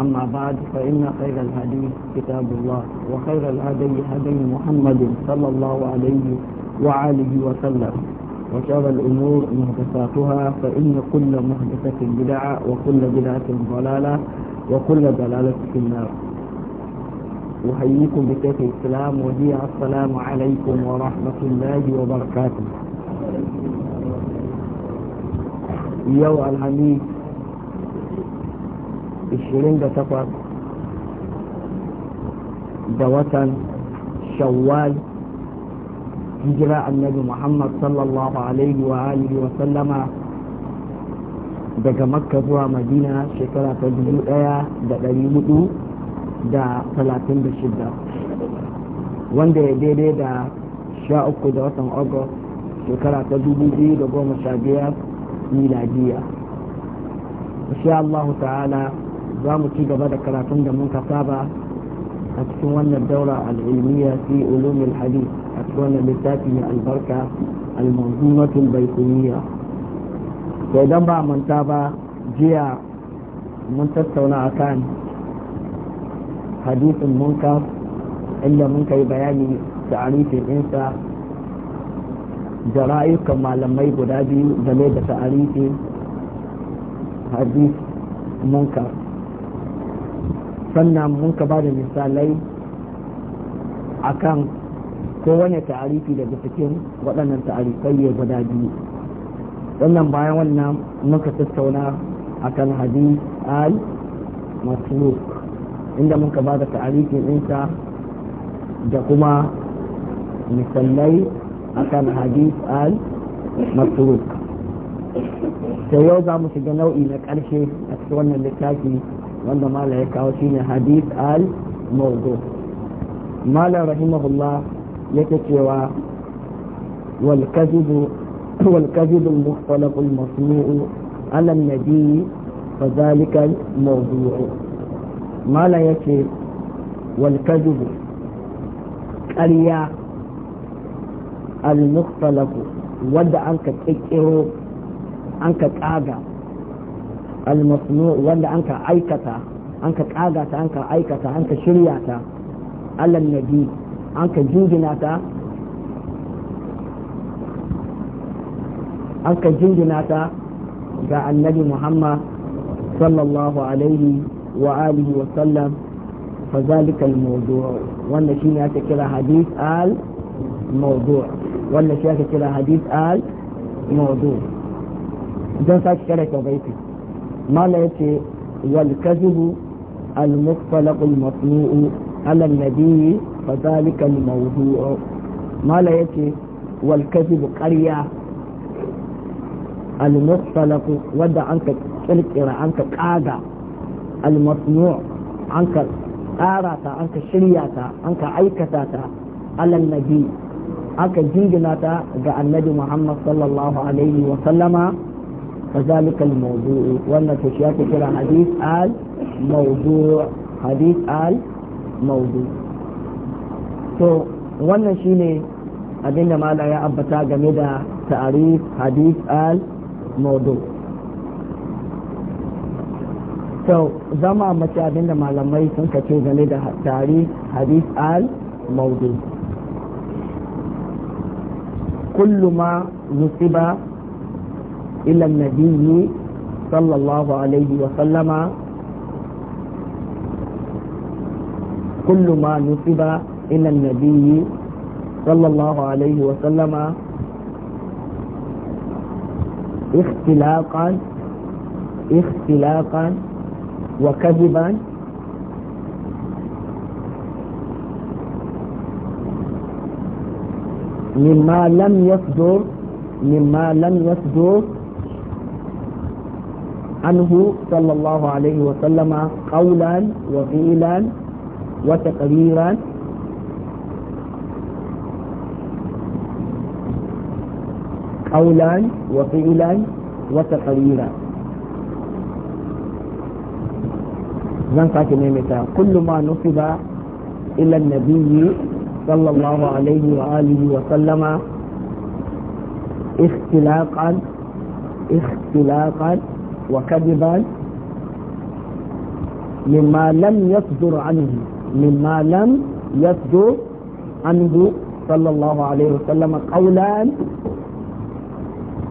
أما بعد فإن خير الهدي كتاب الله وخير الهدي هدي محمد صلى الله عليه وآله وسلم وشر الأمور مهدساتها فإن كل مهدسة بدعة وكل بدعة ضلالة وكل ضلالة في النار أحييكم بسيف الإسلام وديع السلام عليكم ورحمة الله وبركاته يو الحميد 28 da watan shawwal hijira annabi muhammad sallallahu alaihi wa alihi wa sallama daga makka zuwa madina shekara ta 1436 wanda ya daidai da sha uku da watan agus shekara ta dubu biyu da goma sha 2015 miladiya insha Allah ta'ala za mu ci gaba da karatun da mun saba a cikin wannan daura al'ilmiya fi ulumul hadith a cikin wannan littafi mai albarka al-manzumatul baituniya to idan ba manta ba jiya mun tattauna akan hadisin ka inda mun kai bayani ta'arifin insa da ra'ayukan malamai guda biyu game da ta'arifin hadis munkar sannan mun ka ba da misalai kan kowane ta'arifi daga cikin waɗannan ta'arifai ya guda biyu sannan bayan wannan muka tattauna a kan hadis al masluk inda muka ba da ta'arifin ɗinsa da kuma misalai akan hadis al masluk sai yau za mu shiga nau'i na ƙarshe a cikin wannan littafi wanda mala ya kawo shine hadith al mawdu mala rahimahullah yake cewa wal kadhibu wal kadhibu al mukhtalaq al masnu'u ala an nabi fa dhalika al mawdu' mala yake wal kadhibu ƙarya al mukhtalaq wanda an ka kikkiro an ka kaga al-masnu wanda an kaga ta aikata an ka shirya ta allan nabi an jingina ta an ka jingina ga annabi muhammad sallallahu alaihi wa alihi wa sallam fa zalika al wanda al wanda shi al sake kare ta mala yace wal kadhibu al mukhtalaq al masnu'u ala nabi fa dhalika al mawdu'u mala yace wal kadhibu qarya al mukhtalaq an ka kirkira anka kaga al masnu' anka tsara ta anka shirya ta anka aikata ta ala nabi aka jingina ta ga annabi Muhammad sallallahu alaihi wa sallama فذلك الموضوع وأن تشياك كلا حديث آل موضوع حديث آل wannan shine abin da ya ambata game da ta'arif hadith al maudu so zama mace abin da malamai sun kace game da ta'arif hadith al maudu kullu ma nusiba إلى النبي صلى الله عليه وسلم كل ما نسب إلى النبي صلى الله عليه وسلم اختلاقا اختلاقا وكذبا مما لم يصدر مما لم يصدر عنه صلى الله عليه وسلم قولا وقيلا وتقريرا قولا وقيلا وتقريرا كل ما نصب إلى النبي صلى الله عليه وآله وسلم اختلاقا اختلاقا وكذبا مما لم يصدر عنه مما لم يصدر عنه صلى الله عليه وسلم قولا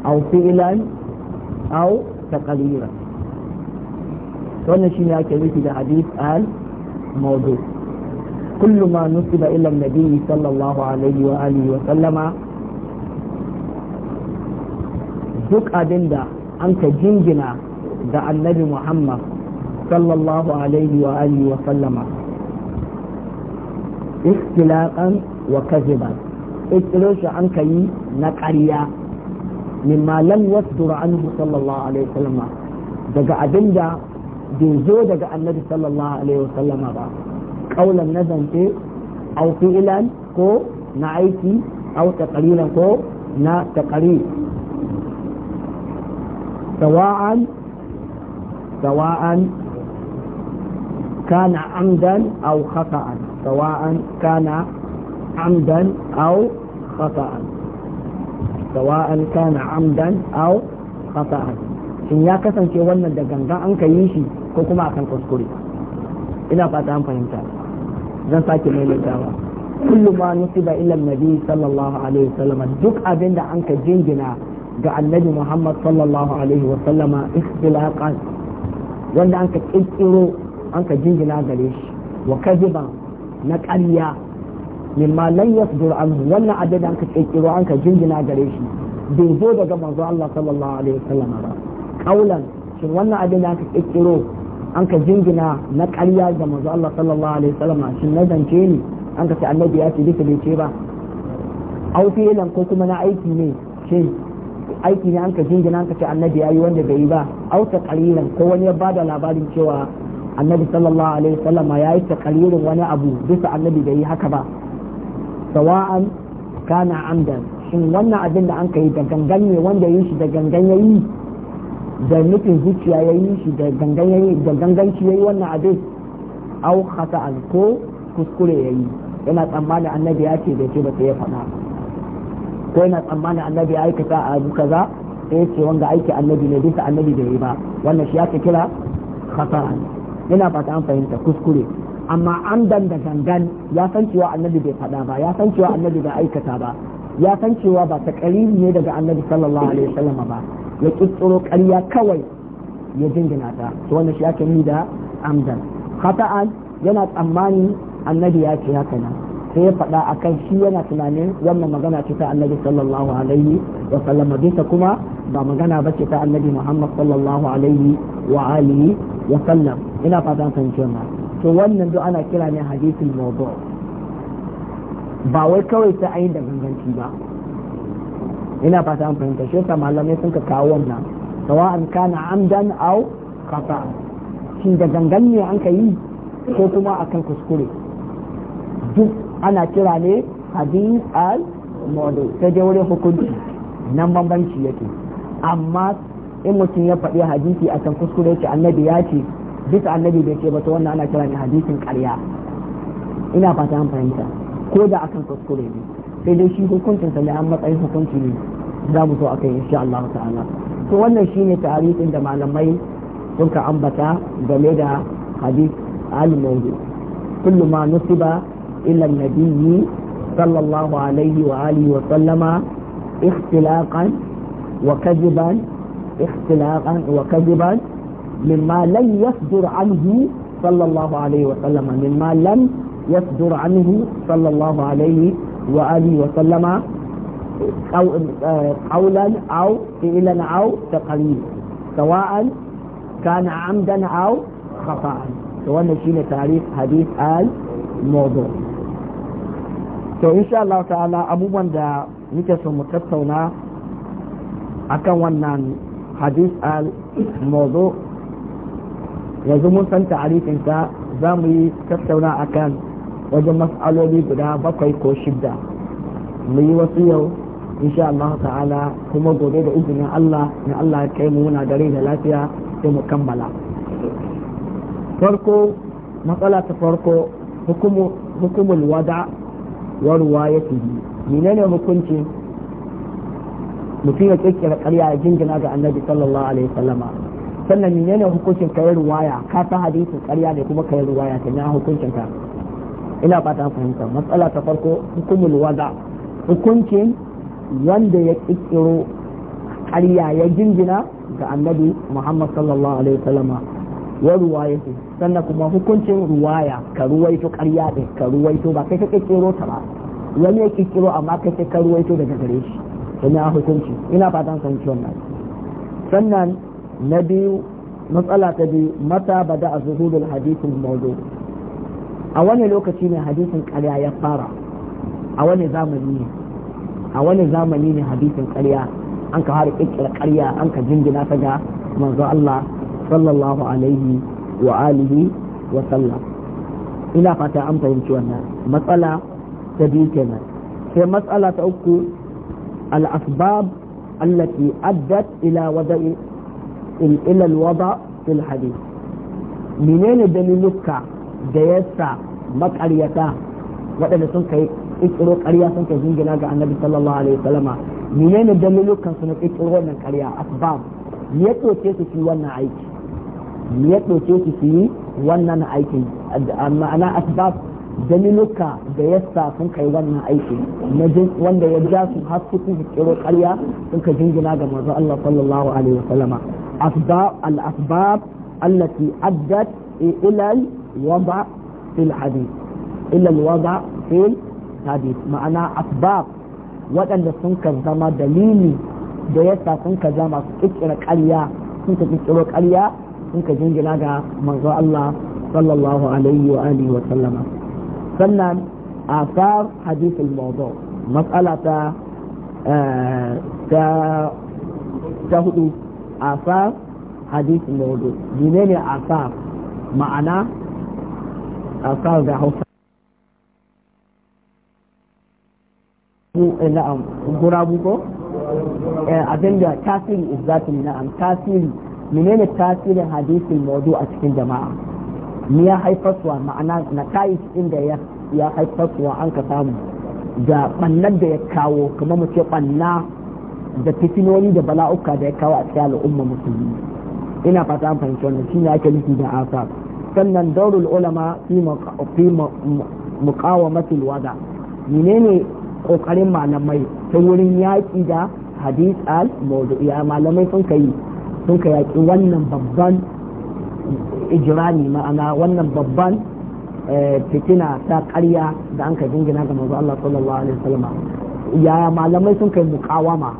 او فعلا او تقليرا وانا شيء كذلك في حديث قال موضوع كل ما نسب الى النبي صلى الله عليه واله وسلم duk abin an ka jingina ga annabi muhammad sallallahu alaihi wa alihi wa sallama ikhtilaqan wa kaziban ikiro shi an ka yi na ƙarya mimma lam yasdur anhu sallallahu alaihi wa sallama daga abinda bai zo daga annabi sallallahu alaihi wa sallama ba kaulan na zance au fi'lan ko na aiki au taqriran ko na taqrir سواء سواء كان عمدا أو خطأ سواء كان عمدا أو خطأ سواء كان عمدا أو خطأ ya kasance wannan da gangan an ka yi shi ko kuma akan kuskure ina fata an fahimta zan sake maimaitawa kullu ma nusiba ila sallallahu alaihi wasallam duk abinda an ka ga annabi Muhammad sallallahu alaihi wa sallama ikhtilaqan wanda an ka kirkiro an ka jingina gare shi wa kadiban na ƙarya mimma lan yasdur anhu wannan abin an ka kirkiro an ka jingina gare shi bai zo daga manzo Allah sallallahu alaihi wa sallama ba kaulan shin wannan abin an ka kirkiro an ka jingina na ƙarya ga manzo Allah sallallahu alaihi wa sallama shin na zance ne an ka ce annabi ya ce duka bai ce ba au fi'lan ko kuma na aiki ne shin aiki ne an ka jingina an ka ce annabi yayi wanda bai yi ba au taqriran ko wani ya bada labarin cewa annabi sallallahu alaihi wasallam ya yi taqririn wani abu bisa annabi bai yi haka ba sawa'an kana amdan shin wannan abin da an ka yi da gangan ne wanda yi shi da gangan yi da nufin zuciya ya yi shi da gangan yayi da ganganci yayi wannan abin au khata'an ko kuskure yayi yana tsammanin annabi ya ce da ce ba sai ya faɗa ko yana tsammanin annabi ya aikata a abu kaza sai ya ce wanga aiki annabi ne bisa annabi bai yi ba wannan shi aka kira khata'a yana fata an fahimta kuskure amma an dan da gangan ya san cewa annabi bai faɗa ba ya san cewa annabi bai aikata ba ya san cewa ba ta ƙariri ne daga annabi sallallahu alaihi wasallam ba ya kirkiro ƙarya kawai ya jingina ta to wannan shi ake ni da amdan khata'an yana tsammani annabi ya ce haka nan sai ya faɗa kan shi yana tunanin wannan magana ce ta annabi sallallahu alaihi wa sallam bisa kuma ba magana ba ce ta annabi muhammad sallallahu alaihi wa alihi wa sallam ina fatan san cewa to wannan duk ana kira ne hadithul mawdu ba wai kawai ta ayin da ganganci ba ina fata an fahimta shi yasa malamai sun ka kawo wannan sawa'an kana amdan aw qata shin da gangan ne an ka yi ko kuma akan kuskure duk ana kira ne hadith al mawdu sai dai wurin hukunci nan bambanci yake amma in mutum ya faɗi hadisi a kan kuskure ce annabi ya ce duka annabi bai ce ba to wannan ana kira ne hadisin ƙarya ina fata an fahimta ko da akan kuskure ne sai dai shi hukuncin sa ne an matsayin hukunci ne za mu zo akai insha Allah ta'ala to wannan shine tarihin da malamai suka ambata game da hadis al-mawdu kullu ma nusiba إلى النبي صلى الله عليه وآله وسلم اختلاقا وكذبا اختلاقا وكذبا مما لم يصدر عنه صلى الله عليه وسلم مما لم يصدر عنه صلى الله عليه وآله وسلم أو قولا أو فعلا أو تقريبا سواء كان عمدا أو خطأ سواء شيء تعريف حديث الموضوع to insha Allah ta'ala abubuwan da muke so mu tattauna akan wannan hadis al mawdu yanzu mun san ta'arifin sa za mu yi tattauna akan wajen mas'aloli guda bakwai ko shidda mu yi wasu yau insha Allah ta'ala kuma gobe da izinin Allah na Allah ya kai mu muna dare da lafiya sai mu kammala farko matsala ta farko hukumul wada' wa ruwayatihi menene hukuncin mutum ya kirkira karya ya jingina ga annabi sallallahu alaihi wasallama sannan menene hukuncin kai ruwaya ka ta hadisin karya ne kuma kai ruwaya ta na hukuncin ka ina fata fahimta matsala ta farko hukumul wada hukuncin wanda ya kirkiro karya ya jingina ga annabi muhammad sallallahu alaihi ya wa ruwayatihi sannan kuma hukuncin ruwaya ka ruwaito karya ɗin ka ruwaito ba kai ka kirkiro ta ba wani ya kirkiro amma kai sai ka ruwaito daga gare shi ina hukunci ina fatan san ciwon nan sannan na biyu matsala ta biyu mata ba da a zuhudul hadisin maudu a wani lokaci ne hadisin karya ya fara a wani zamani ne a wani zamani ne hadisin karya an ka har kirkira karya an ka jingina ta ga manzo Allah sallallahu alaihi wa alihi wa sallam ina fata an fahimci wannan matsala ta biyu kenan sai matsala ta uku al-asbab allati addat ila wada'i ila al-wada fil hadith menene daliluka da yasa makaryata waɗanda sun kai ƙirƙiro ƙarya sun kai jingina ga annabi sallallahu alaihi wasallama menene dalilukan su na ƙirƙiro wannan ƙarya asbab me ya tsoce su fi wannan aiki ya ɗauke su su yi wannan aikin ma'ana asbab daliluka da ya sun kai wannan aiki wanda ya ja su har su kiro ƙarya sun ka jingina ga manzo Allah sallallahu alaihi wasallama asbab al asbab allati addat ila al wada fil hadith ila al wada fil hadith ma'ana asbab waɗanda sun ka zama dalili da ya sun ka zama su kikkira ƙarya sun ka kikkiro ƙarya sun ka jingina ga manzo Allah sallallahu alaihi wa alihi wa sallama sannan asar hadith al-mawdu mas'ala eh, ta ta hudu asar hadith al-mawdu menene asar ma'ana asar da Hausa eh, na'am gurabu ko eh, abinda tasiri is na'am tasiri menene tasirin hadisin maudu a cikin jama'a ni ya haifarsuwa ma'ana na cikin inda ya ya haifarsuwa an ka samu da bannan da ya kawo kuma mu ce banna da fitinoni da bala'uka da ya kawo a cikin al'umma musulmi ina fata an fahimci wannan shine ake nufi da asa sannan daurul ulama fi muqawamatil wada menene kokarin malamai ta wurin yaƙi da hadis al ya malamai sun kai sun ka yaƙi wannan babban ijirani ma'ana wannan babban eh, fitina ta ƙarya da an ka jingina ga mazu Allah sallallahu alaihi wasallam ya malamai sun kai mukawama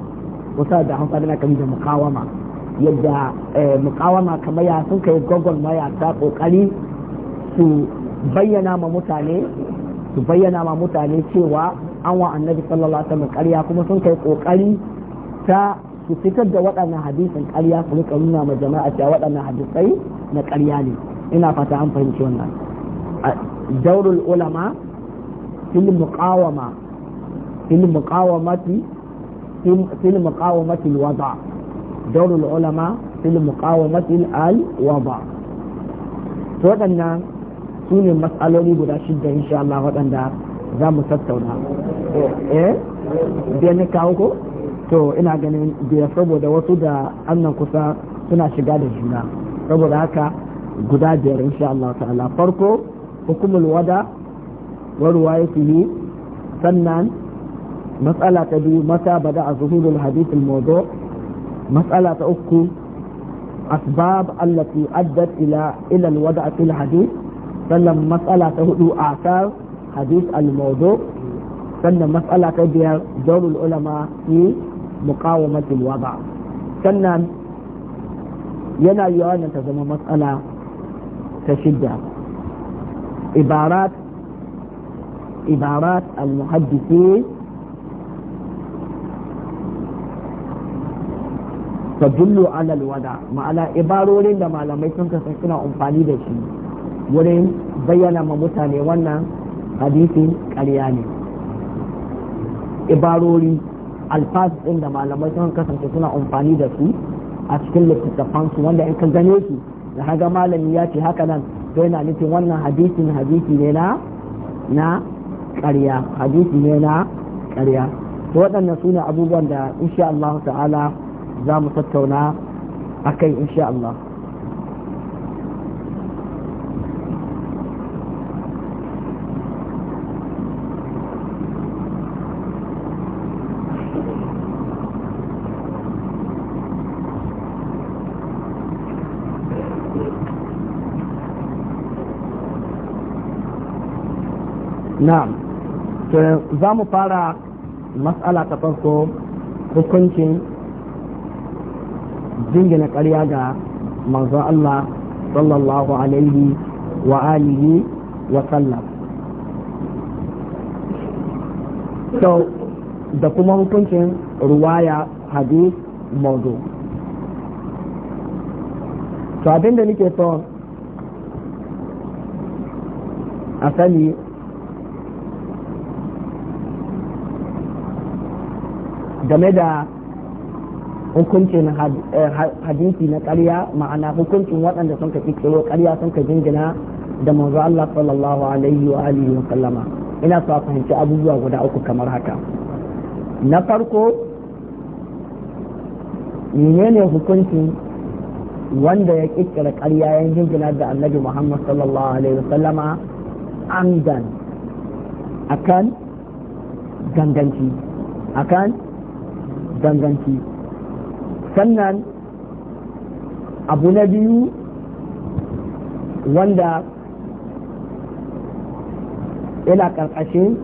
wasa da hausa da kan da mukawama yadda eh, mukawama kamar ya sun kai maya ta kokari su bayyana ma mutane su bayyana ma mutane cewa an wa annabi sallallahu alaihi wasallam ƙarya kuma sun kai kokari ta ku fitar da waɗannan hadisin ƙarya ku rika nuna ma jama'a cewa waɗannan hadisai na ƙarya ne ina fata an fahimci wannan daurul ulama fil muqawama fil muqawamati fil muqawamati alwada daurul ulama fil muqawamati alwada to waɗannan su ne matsaloli guda shidda insha Allah waɗanda za mu tattauna eh ne kawo ko to ina ganin biyar saboda wasu da annan kusa suna shiga da juna saboda haka guda biyar insha Allah ta'ala farko hukumul wada wa ruwayatihi sannan matsala ta biyu mata bada a zuhurul hadithul mawdu matsala ta uku asbab allati addat ila ila alwada fil hadith sannan matsala ta hudu asar hadith al mawdu sannan matsala ta biyar dawrul ulama fi muqawamatul wada sannan yana yi wannan ta zama matsala ta shidda ibarat ibarat al-muhaddisi tadullu ala wada ma'ana ibarorin da malamai sun kasance suna amfani da shi wurin bayyana ma mutane wannan hadisin ƙarya ne ibarori alfaz din da malamai sun kasance suna amfani da su a cikin littattafan su wanda in ka gane su da haga malami ya ce haka nan to yana nufin wannan hadisin hadisi ne na na ƙarya hadisi ne na ƙarya to waɗannan su ne abubuwan da insha Allah ta'ala za mu tattauna akai insha Allah na'am za mu fara matsala ta farko hukuncin jingina ƙarya ga manzo Allah sallallahu alaihi wa alihi wa sallam to da kuma hukuncin ruwaya hadith maudu to abinda nake so a sani game da hukuncin eh, hadisi na ƙarya ma'ana hukuncin waɗanda sun ka kikiro ƙarya sun ka jingina da manzo Allah sallallahu alaihi wa alihi wa sallama ina sa fahimci abubuwa guda uku kamar haka na farko menene hukuncin wanda ya kikkira ƙarya ya jingina da annabi Muhammad sallallahu alaihi wa sallama amdan akan ganganci akan ganganci sannan abu na biyu wanda yana ƙarƙashin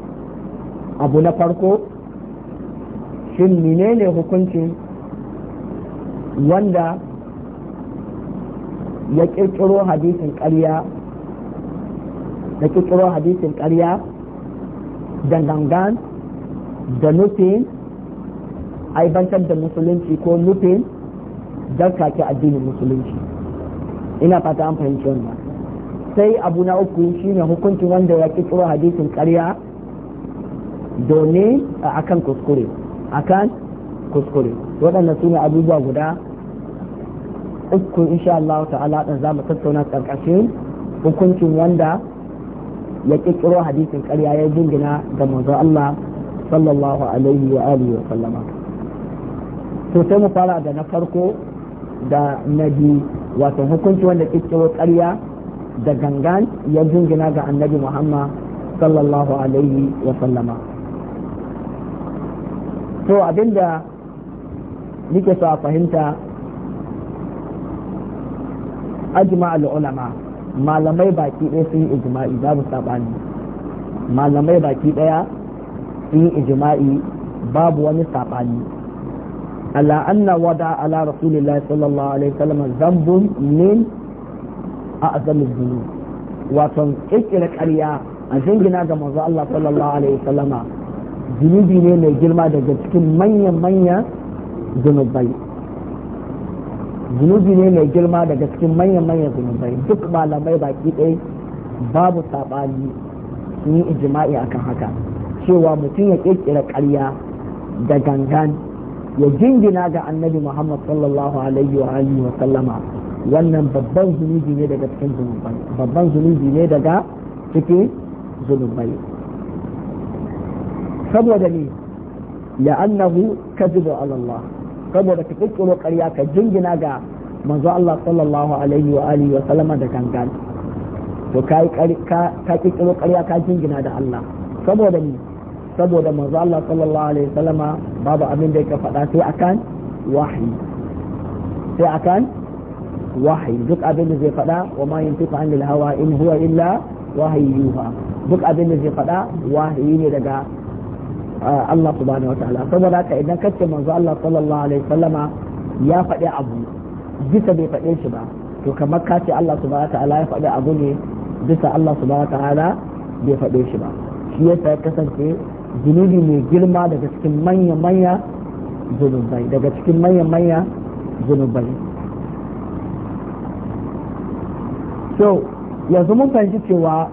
abu na farko shin menene hukuncin wanda ya ƙirƙiro hadisin ƙarya da ƙirƙiro hadisin ƙarya da gangan da nufin aibantar da musulunci ko nufin kake addinin musulunci ina fata an fahimci wannan sai abu na uku shine hukuncin wanda ya kitsuro hadisin karya domin akan kuskure akan kuskure waɗannan su ne abubuwa guda uku insha Allah ta'ala dan za mu tattauna karkashin hukuncin wanda ya kikiro hadisin karya ya jingina ga manzon Allah sallallahu alaihi wa alihi wa sallama to sai mu fara da na farko da na biyu wato hukunci wanda kirkiro ƙarya da gangan ya jingina ga annabi muhammad sallallahu alaihi wa sallama to abinda nike so a fahimta ajma ulama malamai baki ɗaya sun yi ijma'i babu saɓani malamai baki ɗaya sun yi ijma'i babu wani saɓani ala anna wada ala rasulillahi sallallahu alaihi wasallam zambun min a'zam az-dhunub wato kirkira ƙarya a jingina ga Maza Allah sallallahu alaihi wasallama zunubi ne mai girma daga cikin manyan zunubai zunubi ne mai girma daga cikin manyan manyan zunubai duk malamai baki ɗaya babu saɓani sun yi ijima'i akan haka cewa mutum ya ƙirƙira ƙarya da gangan ya jingina ga annabi Muhammad sallallahu alaihi wa alihi wa sallama wannan babban zunubi ne daga cikin zunubai babban zunubi ne daga cikin zunubai saboda ne la'annahu kadhibu ala Allah saboda ka kikkiro karya ka jingina ga manzo Allah sallallahu alaihi wa alihi wa sallama da gangan to kai ka kikkiro karya ka jingina da Allah saboda ne saboda manzo Allah sallallahu alaihi wasallama babu abin da yake faɗa sai akan wahyi sai akan wahyi duk abin da zai faɗa wa ma yantiqu anil hawa in huwa illa wahyuha duk abin da zai faɗa wahayi ne daga ah, Allah subhanahu wataala saboda haka idan kace manzo Allah sallallahu alaihi wasallama ya faɗi abu bisa bai faɗe shi ba to kamar ka ce Allah subhanahu wataala ya faɗi abu ne bisa Allah subhanahu wataala bai faɗe shi ba shi yasa ya kasance zunubi mai girma daga cikin manya-manya zunubai daga cikin manya-manya zunubai so yanzu mun fahimci cewa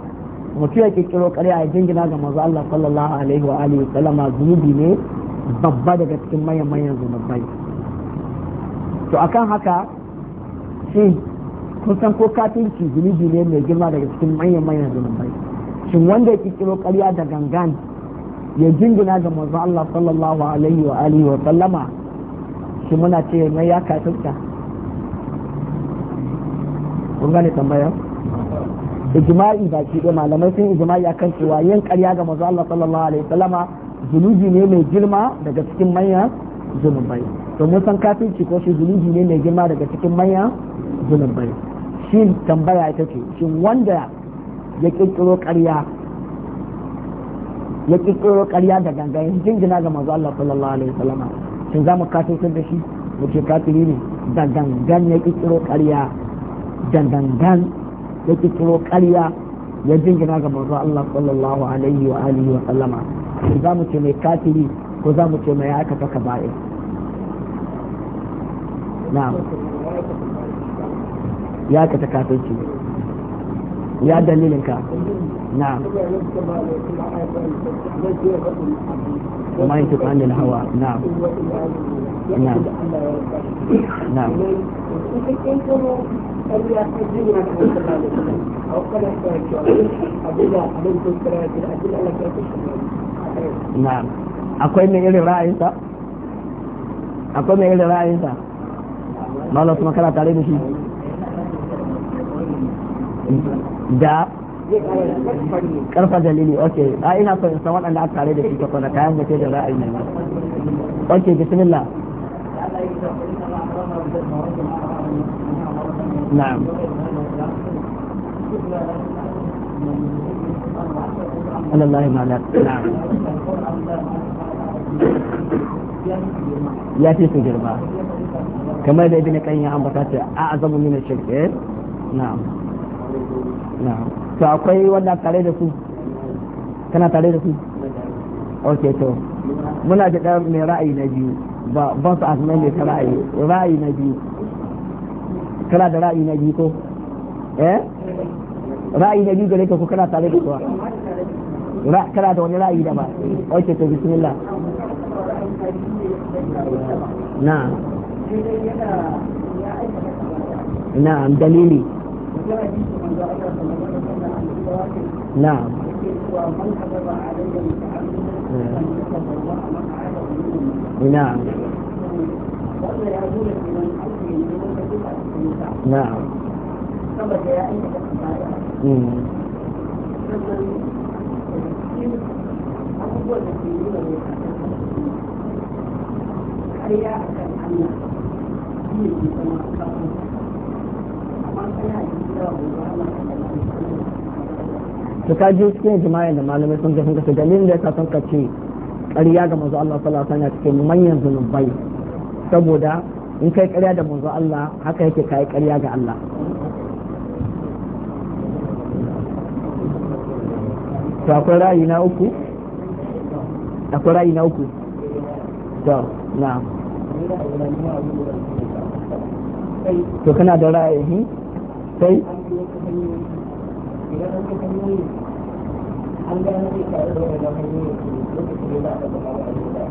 mutu ya kirkiro karya a jingina ga mazu Allah sallallahu alaihi wa alihi sallama zunubi ne babba daga cikin manya manya zunubai to akan haka shi kun san ko katinci zunubi ne mai girma daga cikin manya manya zunubai shin wanda ya kirkiro karya da gangan ya jingina ga manzo Allah sallallahu alaihi wa alihi wa sallama shi muna ce mai ya kafirta kun gane tambayar ijma'i ba shi da malamai sun ijma'i akan cewa yin ƙarya ga manzo Allah sallallahu alaihi wa sallama zunubi ne mai girma daga cikin manyan zunubai domin san kafinci ko shi zunubi ne mai girma daga cikin manyan zunubai shi tambaya ita ce shin wanda ya kirkiro ƙarya ya kirkiro ƙarya da ganga ya jingina ga manzo Allah sallallahu alaihi wasallam shin za mu kafirtar da shi mu ce kafiri ne da gangan ya kirkiro ƙarya da gangan ya kirkiro ƙarya ya jingina ga manzo Allah sallallahu alaihi wa alihi wa sallama shin za mu ce mai kafiri ko za mu ce mai aikata kaba'ir na'am ya aikata kafirci ya dalilin ka na'am kuma yin tuka anil hawa na'am na'am na'am akwai mai irin ra'ayinsa akwai mai irin ra'ayinsa malam kuma kana tare da shi da karfa dalili ok a ina so in san waɗanda aka tare da shi ta kwana kayan mace da ra'ayi mai ne ok bismillah na'am Allah ma ya fi su girma kamar da ibn kan ya ambata ce a azabu min shirke eh? na'am to akwai wanda tare da su kana tare da su ok to muna jada ɗan mai ra'ayi na biyu ba ban su asmai mai ra'ayi ra'ayi na biyu kana da ra'ayi na biyu ko eh ra'ayi na biyu gare ka ko kana tare da kuwa kana da wani ra'ayi da ba ok to bismillah na na dalili نعم نعم نعم Thank you. to ka ji cikin jima'i da malamai sun ga kasu dalilin da ya sa sun kace ƙarya ga manzo Allah sallallahu alaihi wasallam cikin manyan zunubai saboda in kai ƙarya da manzo Allah haka yake kai ƙarya ga Allah to akwai ra'ayi na uku akwai ra'ayi na uku to na to kana da ra'ayi sai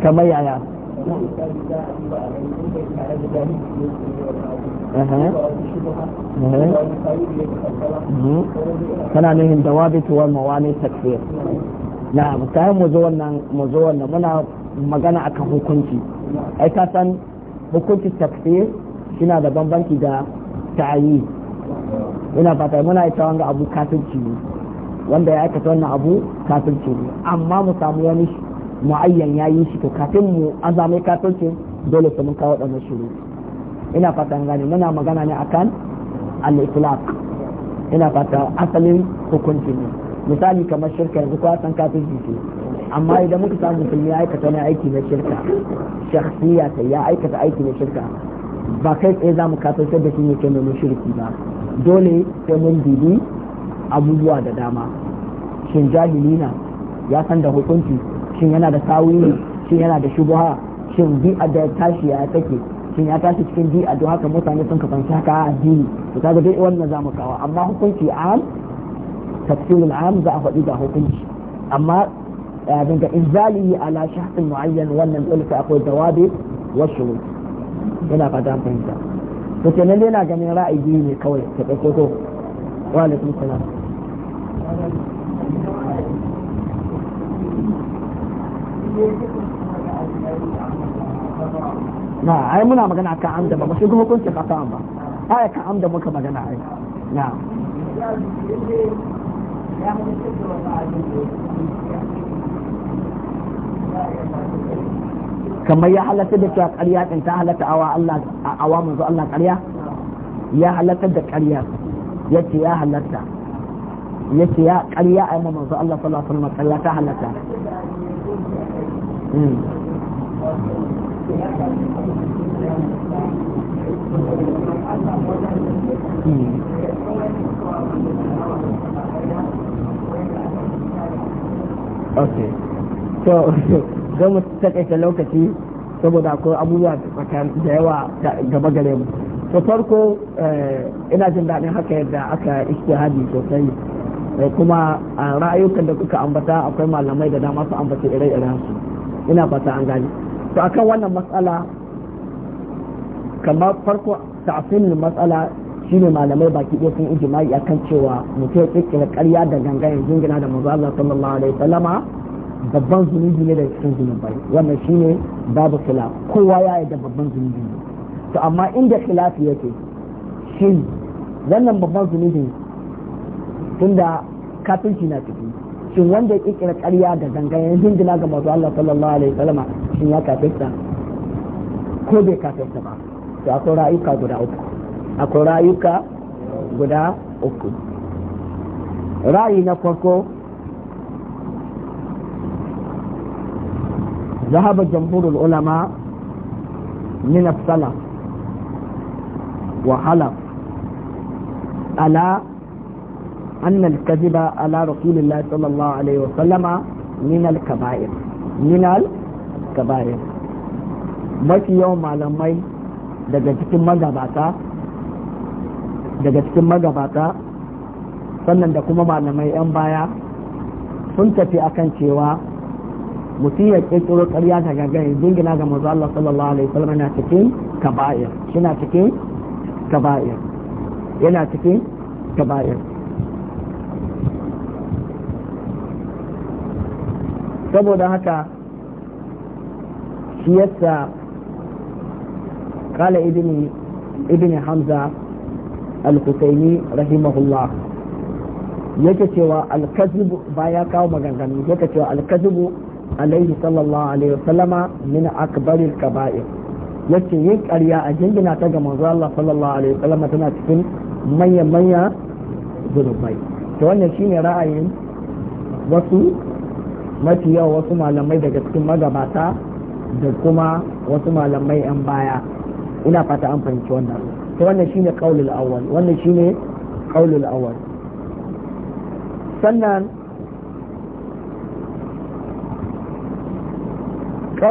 kamar yaya kana nuhin da wal mawane takfir na kayan mu zo wannan mu zo wannan muna magana akan hukunci ai ka san hukunci takfir da bambanci da ta'ayi ina fata muna ita wanga abu kafirci ne wanda ya aikata wannan abu kafirci ne amma mu samu wani mu'ayyan ya yi shi to kafin mu azamai kafircin dole su mun kawo ɗan shiru ina fatan gane muna magana ne akan al-itlaq ina fata asalin hukunci ne misali kamar shirka yanzu kowa san kafirci ce amma idan muka samu musulmi ya aikata wani aiki na shirka shakhsiya ta ya aikata aiki na shirka ba kai tsaye za mu kafirtar da shi ne kai mai shirki ba dole sai mun dubi abubuwa da dama shin jahili na ya san da hukunci shin yana da tawili shin yana da shubuha shin a da tashi ya take shin ya tashi cikin a don haka mutane sun kafanci haka a addini to kaga dai wannan za mu kawo amma hukunci am tafsirul am za a faɗi da hukunci amma eh, daga inzalihi ala shahsin mu'ayyan wannan dole sai akwai jawabi wa shuruti yana fata an fahimta to kenan dai na ganin ra'ayi biyu ne kawai ta ɗauko to wa alaikum salam na ai muna magana kan amda ba kuma, kun ce kasa amma ai kan amda muka magana ai na ya kamar ya halatta da cewa ƙarya ɗin ta halatta awa Allah awa manzo Allah ƙarya ya halatta da ƙarya yace ya halatta yace ya ƙarya ai manzo Allah sallallahu alaihi wasallam ƙarya ta halatta Okay. So don mu takaita lokaci saboda akwai abubuwa da yawa gaba gare mu to farko eh, ina jin daɗin haka yadda aka ishtihadi sosai eh, kuma a ra'ayukan da kuka ambata akwai malamai da dama su ambata ire-iren su ina fata an gani to akan wannan matsala kamar farko ta'asirin matsala shine malamai baki ɗaya sun ijma'i akan cewa mutum ya kirkira ƙarya da gangan jingina da manzo Allah sallallahu alaihi wasallama babban zunubi ne daga cikin zunubai wannan shine babu khilaf kowa ya da babban zunubi ne to amma inda khilaf yake shin wannan babban zunubi tunda kafinci na ciki shin wanda ya kikira ƙarya da gangan jina ga mazu Allah sallallahu alaihi wasallama shin ya kafinta? ko bai kafinta ba to akwai rayuka guda uku akwai rayuka guda uku ra'ayi na farko ذهب جمهور العلماء من السلف وحلف على أن الكذب على رسول الله صلى الله عليه وسلم من الكبائر من الكبائر yawan malamai daga cikin magabata daga cikin magabata sannan da kuma malamai 'yan baya sun tafi akan cewa mutum ya kirkiro ƙarya ta gangare jingina ga mazu Allah sallallahu alaihi wasallam yana cikin kaba'ir yana cikin kaba'ir yana cikin kaba'ir saboda haka shi yasa kala ابن ابن hamza al رحمه rahimahullah yake cewa alkazibu ba ya kawo maganganu yake cewa alkazibu alaihi sallallahu alaihi wasallama min akbaril kaba'ir yace yin ƙarya a jingina ta ga manzo Allah sallallahu alaihi wasallama tana cikin manya manya zunubai to wannan shine ra'ayin wasu mafiya wasu malamai daga cikin magabata da kuma wasu malamai yan baya ina fata an fahimci wannan to wannan shine qaulul awwal wannan shine qaulul awwal sannan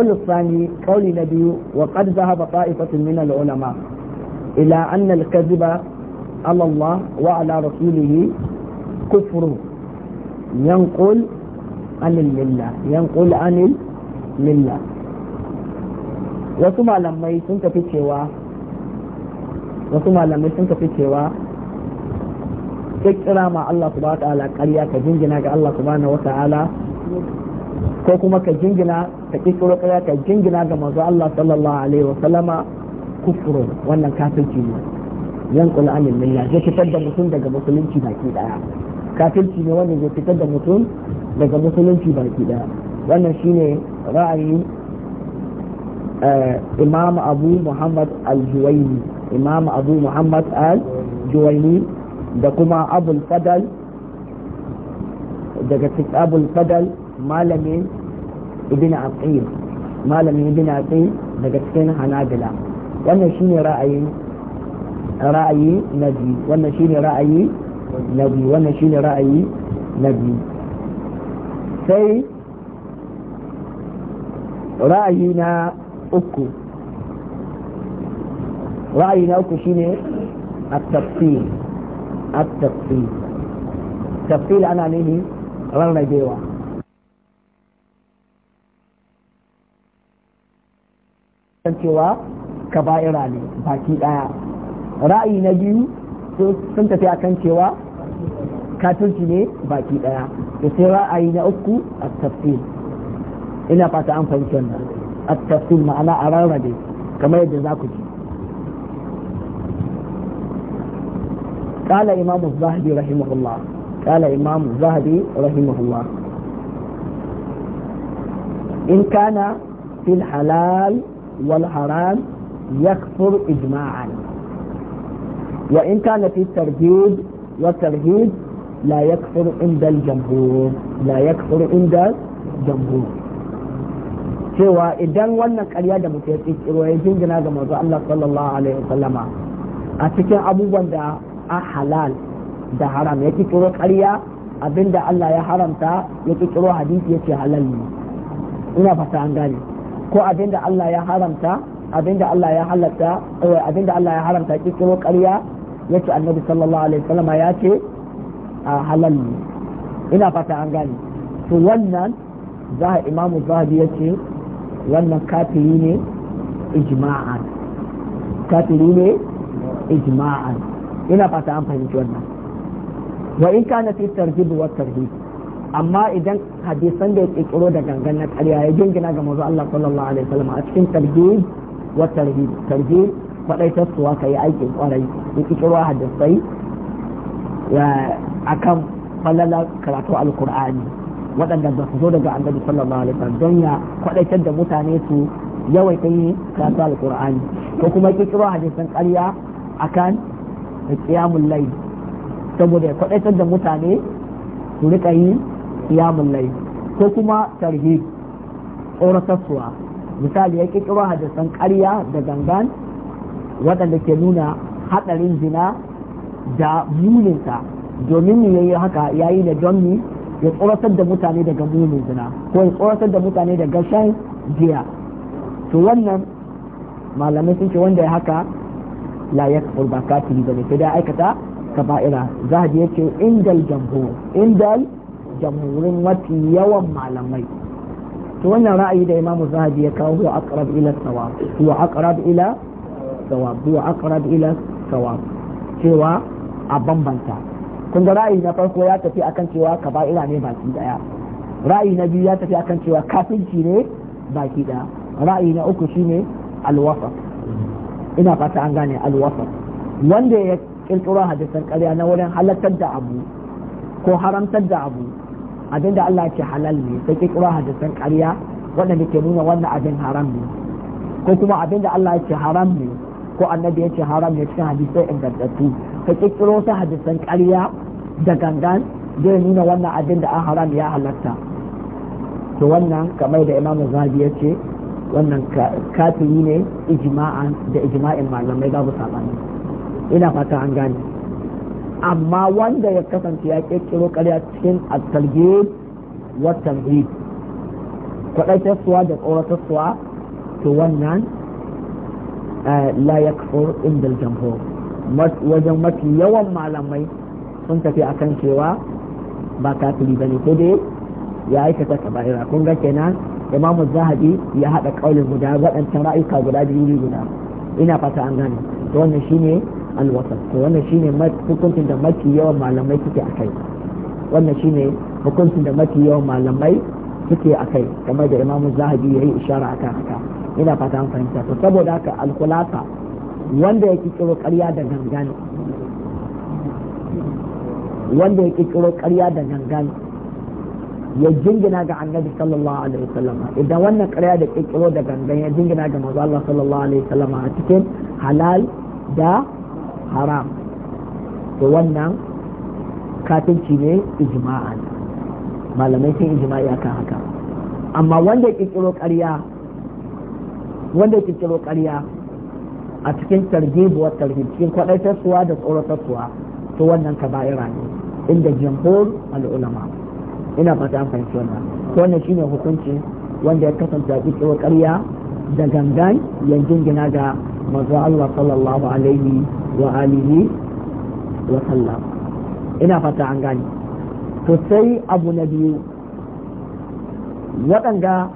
القول الثاني قول النبي وقد ذهب طائفة من العلماء إلى أن الكذب على الله وعلى رسوله كفر ينقل عن الملة ينقل عن الملة wasu malamai sun tafi cewa wasu ma Allah subhanahu wa ƙarya ka jingina ga Allah ko kuma ka jingina ka kirkiro kaya ka jingina ga manzo Allah sallallahu alaihi wa sallama kufru wannan kafirci ne yanqul anil milla zai fitar da mutum daga musulunci baki daya kafirci ne wannan zai fitar da mutum daga musulunci baki daya wannan shine ra'ayin eh, imam abu muhammad al-juwaini imam abu muhammad al-juwaini da kuma abul fadal daga abul fadal malamin ibn aqil malamin ibn aqil daga cikin hanabila wannan shine ra'ayi ra'ayi na biyu wannan shine ra'ayi na biyu wannan shine ra'ayi na biyu sai ra'ayi na uku ra'ayi na uku shine at-tafsir at-tafsir tafsir ana nihi rarrabewa kan cewa ne baki daya ra'ayi na biyu sun tafi akan cewa katunci ne baki daya da sai ra'ayi na uku a tafsir ina fata an fahimci wannan a tafsir ma'ana a rarrabe kamar yadda za ku ji قال إمام الزهدي رحمه الله قال إمام الزهدي رحمه الله إن كان في الحلال والحرام يكفر إجماعا وإن كان في الترهيب والترهيب لا يكفر عند الجمهور لا يكفر عند الجمهور cewa idan wannan karya da mutum ya tsiro ya jingina ga manzo Allah sallallahu alaihi wasallama a cikin abubuwan da a halal da haram ya tsiro karya abinda Allah ya haramta ya tsiro hadisi yace halal ne ina fata an gane ko abinda Allah ya haramta abinda Allah ya halatta eh, abinda Allah ya haramta kirkiro ƙarya yace annabi sallallahu alaihi wasallam ya ce a halal ina fata an gane to wannan za imamu zahabi ya ce wannan kafiri ne ijma'an kafiri ne ijma'an ina fata an fahimci wannan wa in kana fi tarjib wa tarhib amma idan hadisan da ya kirkiro da gangan na ƙarya ya jingina ga manzo Allah sallallahu alaihi wasallam a cikin tarjih wa tarhib tarjih faɗaitar suwa ka yi aikin kwarai ya kirkiro hadisai akan falala karatu alkur'ani waɗanda ba su zo daga annabi sallallahu alaihi wasallam don ya kwadaitar da mutane su yawaita yi karatu alkur'ani ko kuma kirkiro hadisan ƙarya akan qiyamul layl saboda ya kwaɗaitar da mutane su rika yi qiyamul layl ko kuma tarhib tsoratarsuwa misali ya kirkiro hadisan ƙarya da gangan waɗanda ke nuna haɗarin zina da muninta domin ya yi haka ya yi da don ya tsoratar da mutane daga munin zina ko ya tsoratar da mutane daga shan jiya to wannan malamai sun ce wanda ya haka la ya kafur ba kafiri ba ne sai da aikata kaba'ira zahabi ya ce indal jamhur indal jamhurin mafi yawan malamai to wannan ra'ayi da imamu zahabi ya kawo huwa aqrab ila sawab huwa aqrab ila sawab huwa aqrab ila sawab cewa a bambanta kun ga ra'ayi na farko ya tafi akan cewa kaba'ira ne baki daya ra'ayi na biyu ya tafi akan cewa kafinci ne baki daya ra'ayi na uku shine alwafa ina fata an gane alwafa wanda ya kirkiro hadisan ƙarya na wurin halattar da abu ko haramtar da abu abinda Allah ce halal ne sai kura hadisan ƙarya waɗanda ke nuna wannan abin haram ne ko kuma abinda Allah ce haram ne ko annabi ya ce haram ne cikin hadisai ingantattu ka kirkiro ta hadisan ƙarya da gangan zai nuna wannan abin da an haram ya halatta to wannan kamar da imam zabi ya ce wannan kafiri ne ijma'an da ijma'in malamai babu saɓani ina fata an gane amma wanda ya kasance ya kirkiro karya cikin at-talbid wa tamhid kwadaitarsuwa da tsoratarsuwa to wannan eh, la yakfur inda jamhur wajen mafi yawan malamai sun tafi a kan cewa ba kafiri ne ko dai ya aikata kaba'ira kun ga kenan imamu zahabi ya haɗa ƙaunin guda waɗancan ra'ayuka guda biyu guda ina fata an gane to wannan shine alwasat to wannan shine hukuncin da mafi yawan malamai suke a kai wannan shine hukuncin da mafi yawan malamai suke a kai kamar da imamu zahabi ya yi ishara akan haka ina fata an fahimta to saboda haka alkulasa wanda ya kikiro karya da gangan wanda ya kikiro karya da gangan ya jingina ga annabi sallallahu alaihi wasallam idan wannan karya da kikiro da gangan ya jingina ga manzo Allah sallallahu alaihi wasallam a cikin halal da haram to wannan kafinci ne ijma'an malamai sun ijma'i akan haka amma wanda kirkiro ƙarya wanda kirkiro ƙarya a cikin targhib wa targhib cikin kwadaitarsuwa da tsoratarsuwa to wannan ka kaba'ira ne inda jumhur al'ulama ina fata an fahimci wannan to wannan shine hukunci wanda ya kasance ƙirƙiro ƙarya da gangan yanzu gina ga manzon Allah sallallahu alaihi wa alihi wa sallam ina fata an gani, to sai abu na biyu waɗanda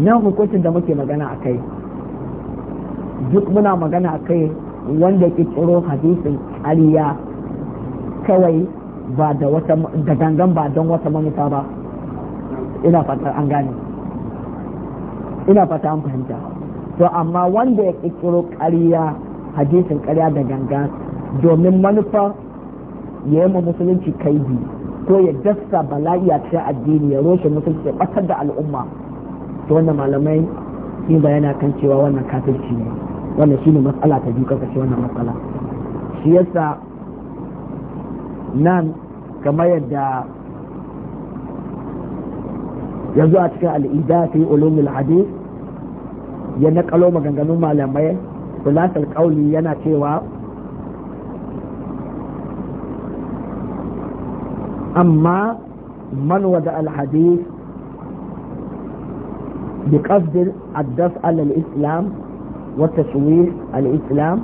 nan hukuncin da muke magana a kai duk muna magana a kai wanda ke tsoro hadisin ƙarya kawai ba da wata da gangan ba don wata manufa ba ina fata an gani ina fata an fahimta to amma wanda ya kikiro ƙarya hadisin ƙarya da ganga domin manufa ya yi musulunci kaibi ko ya dasa bala'i a cikin addini ya roshe musulunci ya ɓatar da al'umma to wannan malamai sun bayana kan cewa wannan kafirci ne wannan ne matsala ta biyu shi wannan matsala shi yasa nan kamar yadda yanzu a cikin al'ida fi ulumul hadith ya naƙalo maganganun malamai kulatar ƙauli yana cewa amma man wada alhadis بقصد al-islam الإسلام والتشويه al-islam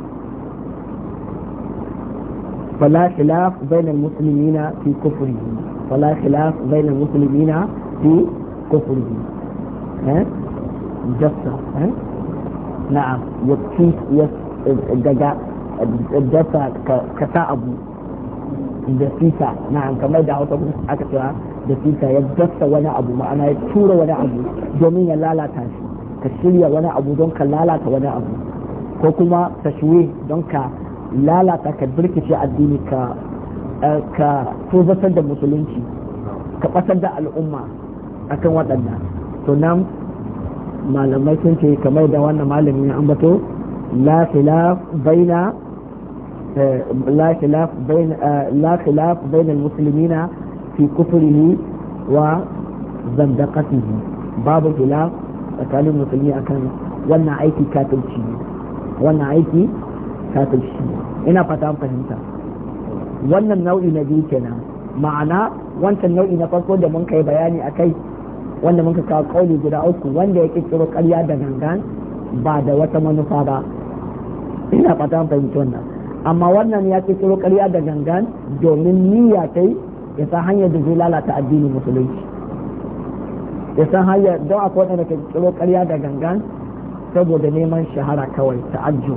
فلا خلاف بين المسلمين في كفرهم فلا خلاف بين المسلمين في كفره dasa na'am ya ci ya daga dasa ka sa abu da fita na'am kamar da hausa aka cewa da fita ya dasa wani abu ma'ana ya tura wani abu domin ya lalata shi ka shirya wani abu don ka lalata wani abu ko kuma tashwe don ka lalata ka birkice addini ka ka tozatar da musulunci ka ɓatar da al'umma akan waɗannan to nan malamai sun ce kamar da wannan malamin an bato la khilaf baina eh, la khilaf bayna eh, la khilaf baina almuslimina fi kufrihi wa zandaqatihi babu khilaf tsakanin musulmi akan wannan aiki kafirci wannan aiki kafirci ina fata an fahimta wannan nau'i na biyu kenan ma'ana wancan nau'i na farko da mun kai bayani akai wanda muka kawo kauli guda uku wanda ya kirkiro ƙarya da gangan ba da wata manufa ba ina fata fahimci wannan amma wannan ya kirkiro ƙarya da gangan domin niyya kai ya san hanyar da zai lalata addinin musulunci ya san hanyar don akwai waɗanda ka kirkiro ƙarya da gangan saboda neman shahara kawai ta'ajju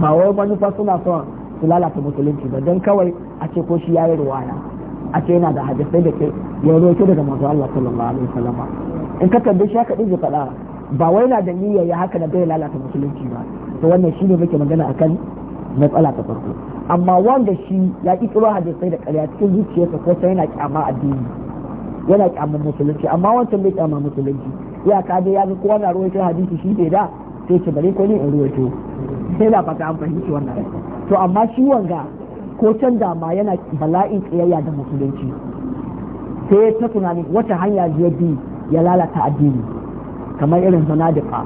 ba wai manufa suna son su lalata musulunci ba don kawai a ce ko shi ya yi ruwaya a ce yana da hadisai da ke ya roƙi daga masu Allah sallallahu alaihi wasallam in ka tambaye shi haka din zai faɗa ba wai na da niyya ya haka da bai lalata musulunci ba to wannan shi ne muke magana akan matsala ta farko amma wanda shi ya ki tsoro hadisai da ƙarya cikin zuciyarsa ko sai yana kyama addini yana kyamar musulunci amma wancan bai kyama musulunci ya ka dai ya ga kowa na ruwaito hadisi shi bai da sai ce bare ko ne in ruwaito sai da fata an fahimci wannan to amma shi wanga ko can da ma yana bala'in tsayayya da musulunci sai ta tunani wata hanya zai bi ya lalata addini kamar irin zanadika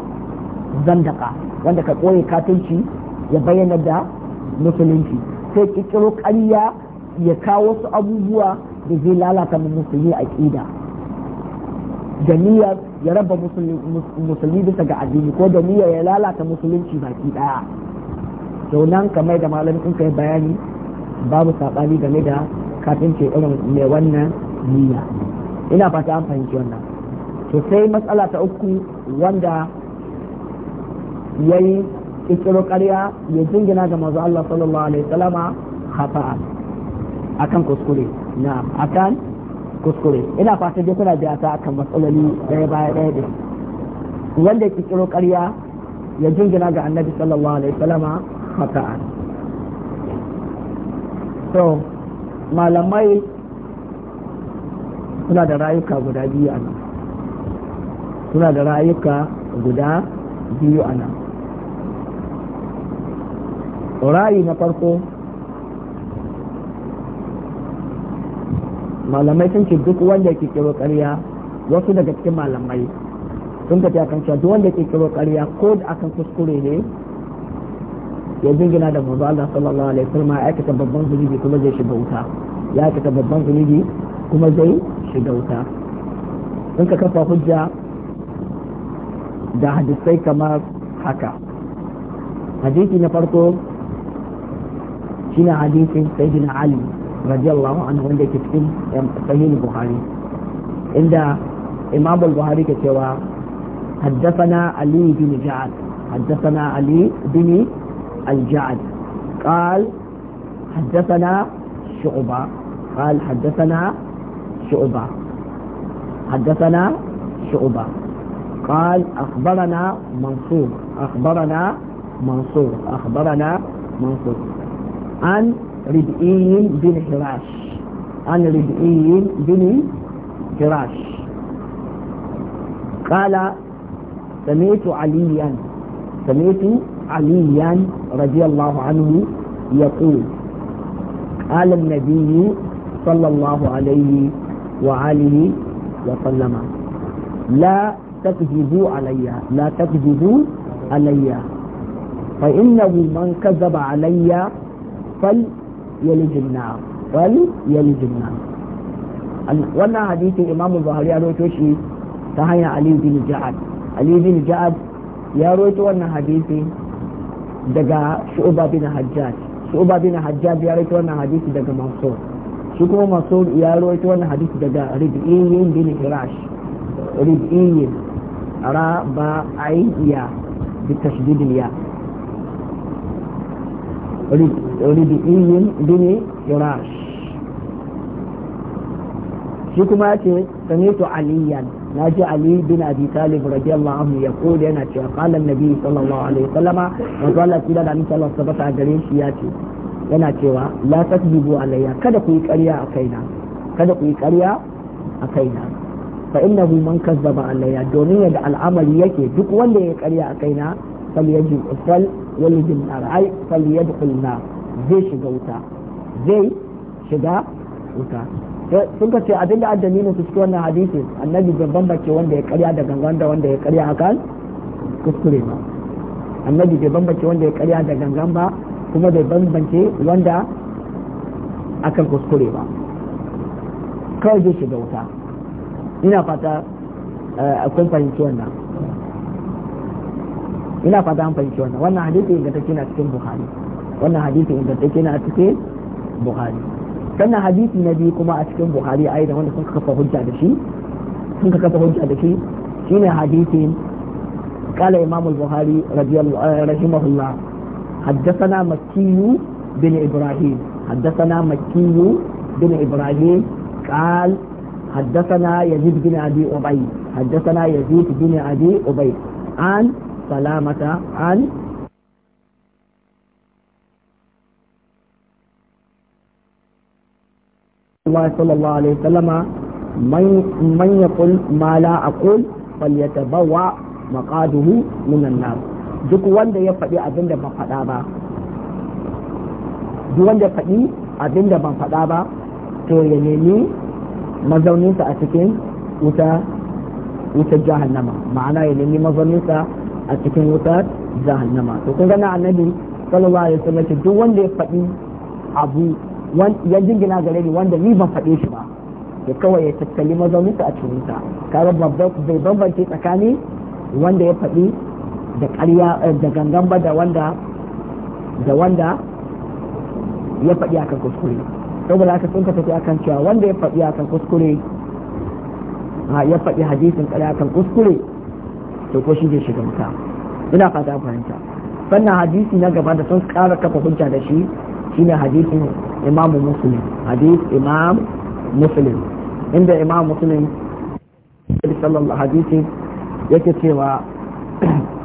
zandaka wanda ka koye katunci ya bayyana da musulunci sai ƙirƙiro ƙarya ya kawo wasu abubuwa da zai lalata musulmi a ƙida da niyyar ya raba musulmi bisa ga addini ko da niyyar ya lalata musulunci baki ɗaya nan kamar da malamin ka yi bayani babu saɓani game da kafin ce irin mai wannan niyya ina fata an fahimci wannan to sai matsala ta uku wanda ya yi ƙirƙiro ƙarya ya jingina ga mazu Allah sallallahu alaihi wasallama hafa'a akan kuskure na akan kuskure ina fata dai kuna biya ta akan matsaloli ɗaya baya ɗaya ɗin wanda ya ƙirƙiro ƙarya ya jingina ga annabi sallallahu alaihi wasallama hafa so malamai suna da rayuka guda biyu a nan suna da rayuka guda biyu a nan rayu na farko malamai sun ce duk wanda ke kiro karya wasu daga cikin malamai sun ka kan cewa duk wanda ke kiro karya ko da akan kuskure ne ya jingina da manzo Allah sallallahu alaihi wasallam ya aikata babban zunubi kuma zai shiga wuta ya aikata babban zunubi kuma zai shiga wuta in ka kafa hujja da hadisai kamar haka hadisi na farko shine hadisin sayyidina ali radiyallahu anhu wanda ke cikin sahih buhari inda imam al-buhari ke cewa حدثنا علي بن جعد حدثنا علي بن الجعد قال حدثنا شعبة قال حدثنا شعبة حدثنا شعبة قال أخبرنا منصور أخبرنا منصور أخبرنا منصور عن ربئي بن حراش عن ربئي بن حراش قال سمعت عليا سمعت عليا رضي الله عنه يقول قال النبي صلى الله عليه وآله وسلم لا تكذبوا علي لا تكذبوا علي فإنه من كذب علي فليلج النار فليلج النار wannan hadisin imamu buhari ya roto shi ta hanyar ali bin ja'ad ali bin ja'ad ya roto wannan hadisi daga shu'uba bin hajjaj shu'uba bin hajjaj ya rawaito wannan hadisi daga mansur shi kuma mansur ya rawaito wannan hadisi daga rib'iyyin bin hirash rib'iyyin ra ba aiya bi tashdid ya rib'iyyin bin hirash shi kuma ya ce sami'tu aliyan ناجي علي بن أبي طالب رضي الله عنه يقول أنا قال النبي صلى الله عليه وسلم وقال كلا لأن صلى gare shi ya ce yana cewa la tasbibu alayya kada ku yi ƙarya a kaina kada ku yi ƙarya a kaina fa innahu man kazzaba alayya domin yadda al'amari yake duk wanda ya ƙarya a kaina fal yaji fal yalijin nar ai fal yadkhul zai shiga wuta zai shiga wuta Eh, sun kace dinga addani ne su cikin wannan hadisi annabi bai bambace wanda ya karya da gangan da wanda ya karya akan kuskure ba annabi bai bambace wanda ya karya da gangan ba kuma bai bambance wanda akan kuskure ba kawai zai shiga wuta ina fata eh, kun fahimci wannan ina fata an fahimci wannan wannan hadisi ingantacce na cikin bukhari wannan hadisi ingantacce na cikin bukhari sannan hadisi na biyu kuma a cikin buhari aidan wanda sun kafa hujja da shi sun kafa hujja da shi shine hadisin قال إمام البخاري رضي الله رحمه الله حدثنا مكي بن إبراهيم حدثنا مكي بن إبراهيم قال حدثنا يزيد بن أبي أبي حدثنا يزيد بن أبي أبي عن سلامة عن الله صلى الله عليه وسلم من, من يقول ما لا من النار duk wanda ya faɗi abin da ban faɗa ba duk wanda ya faɗi abin da ban faɗa ba to ya nemi mazauninsa a cikin wuta jahannama ma'ana ya nemi mazauninsa a cikin wuta jahannama to kun gana annabi sallallahu alaihi wasallam duk wanda ya faɗi abu ya jingina gare ni wanda ni ban faɗe shi ba ya kawai ya tattali mazauninsa a cikinsa kaga bai bambance tsakani wanda ya faɗi da ƙarya eh, da gangan da wanda da wanda ya faɗi akan kuskure saboda haka sun ka tafi akan cewa wanda ya faɗi akan kuskure ya faɗi hadisin ƙarya akan kuskure to ko shi zai shiga wuta ina fata fahimta sannan hadisi na gaba da sun ƙara kafa hujja da shi shine hadisin imam muslim hadith imam muslim inda imam muslim sallallahu hadisi yake cewa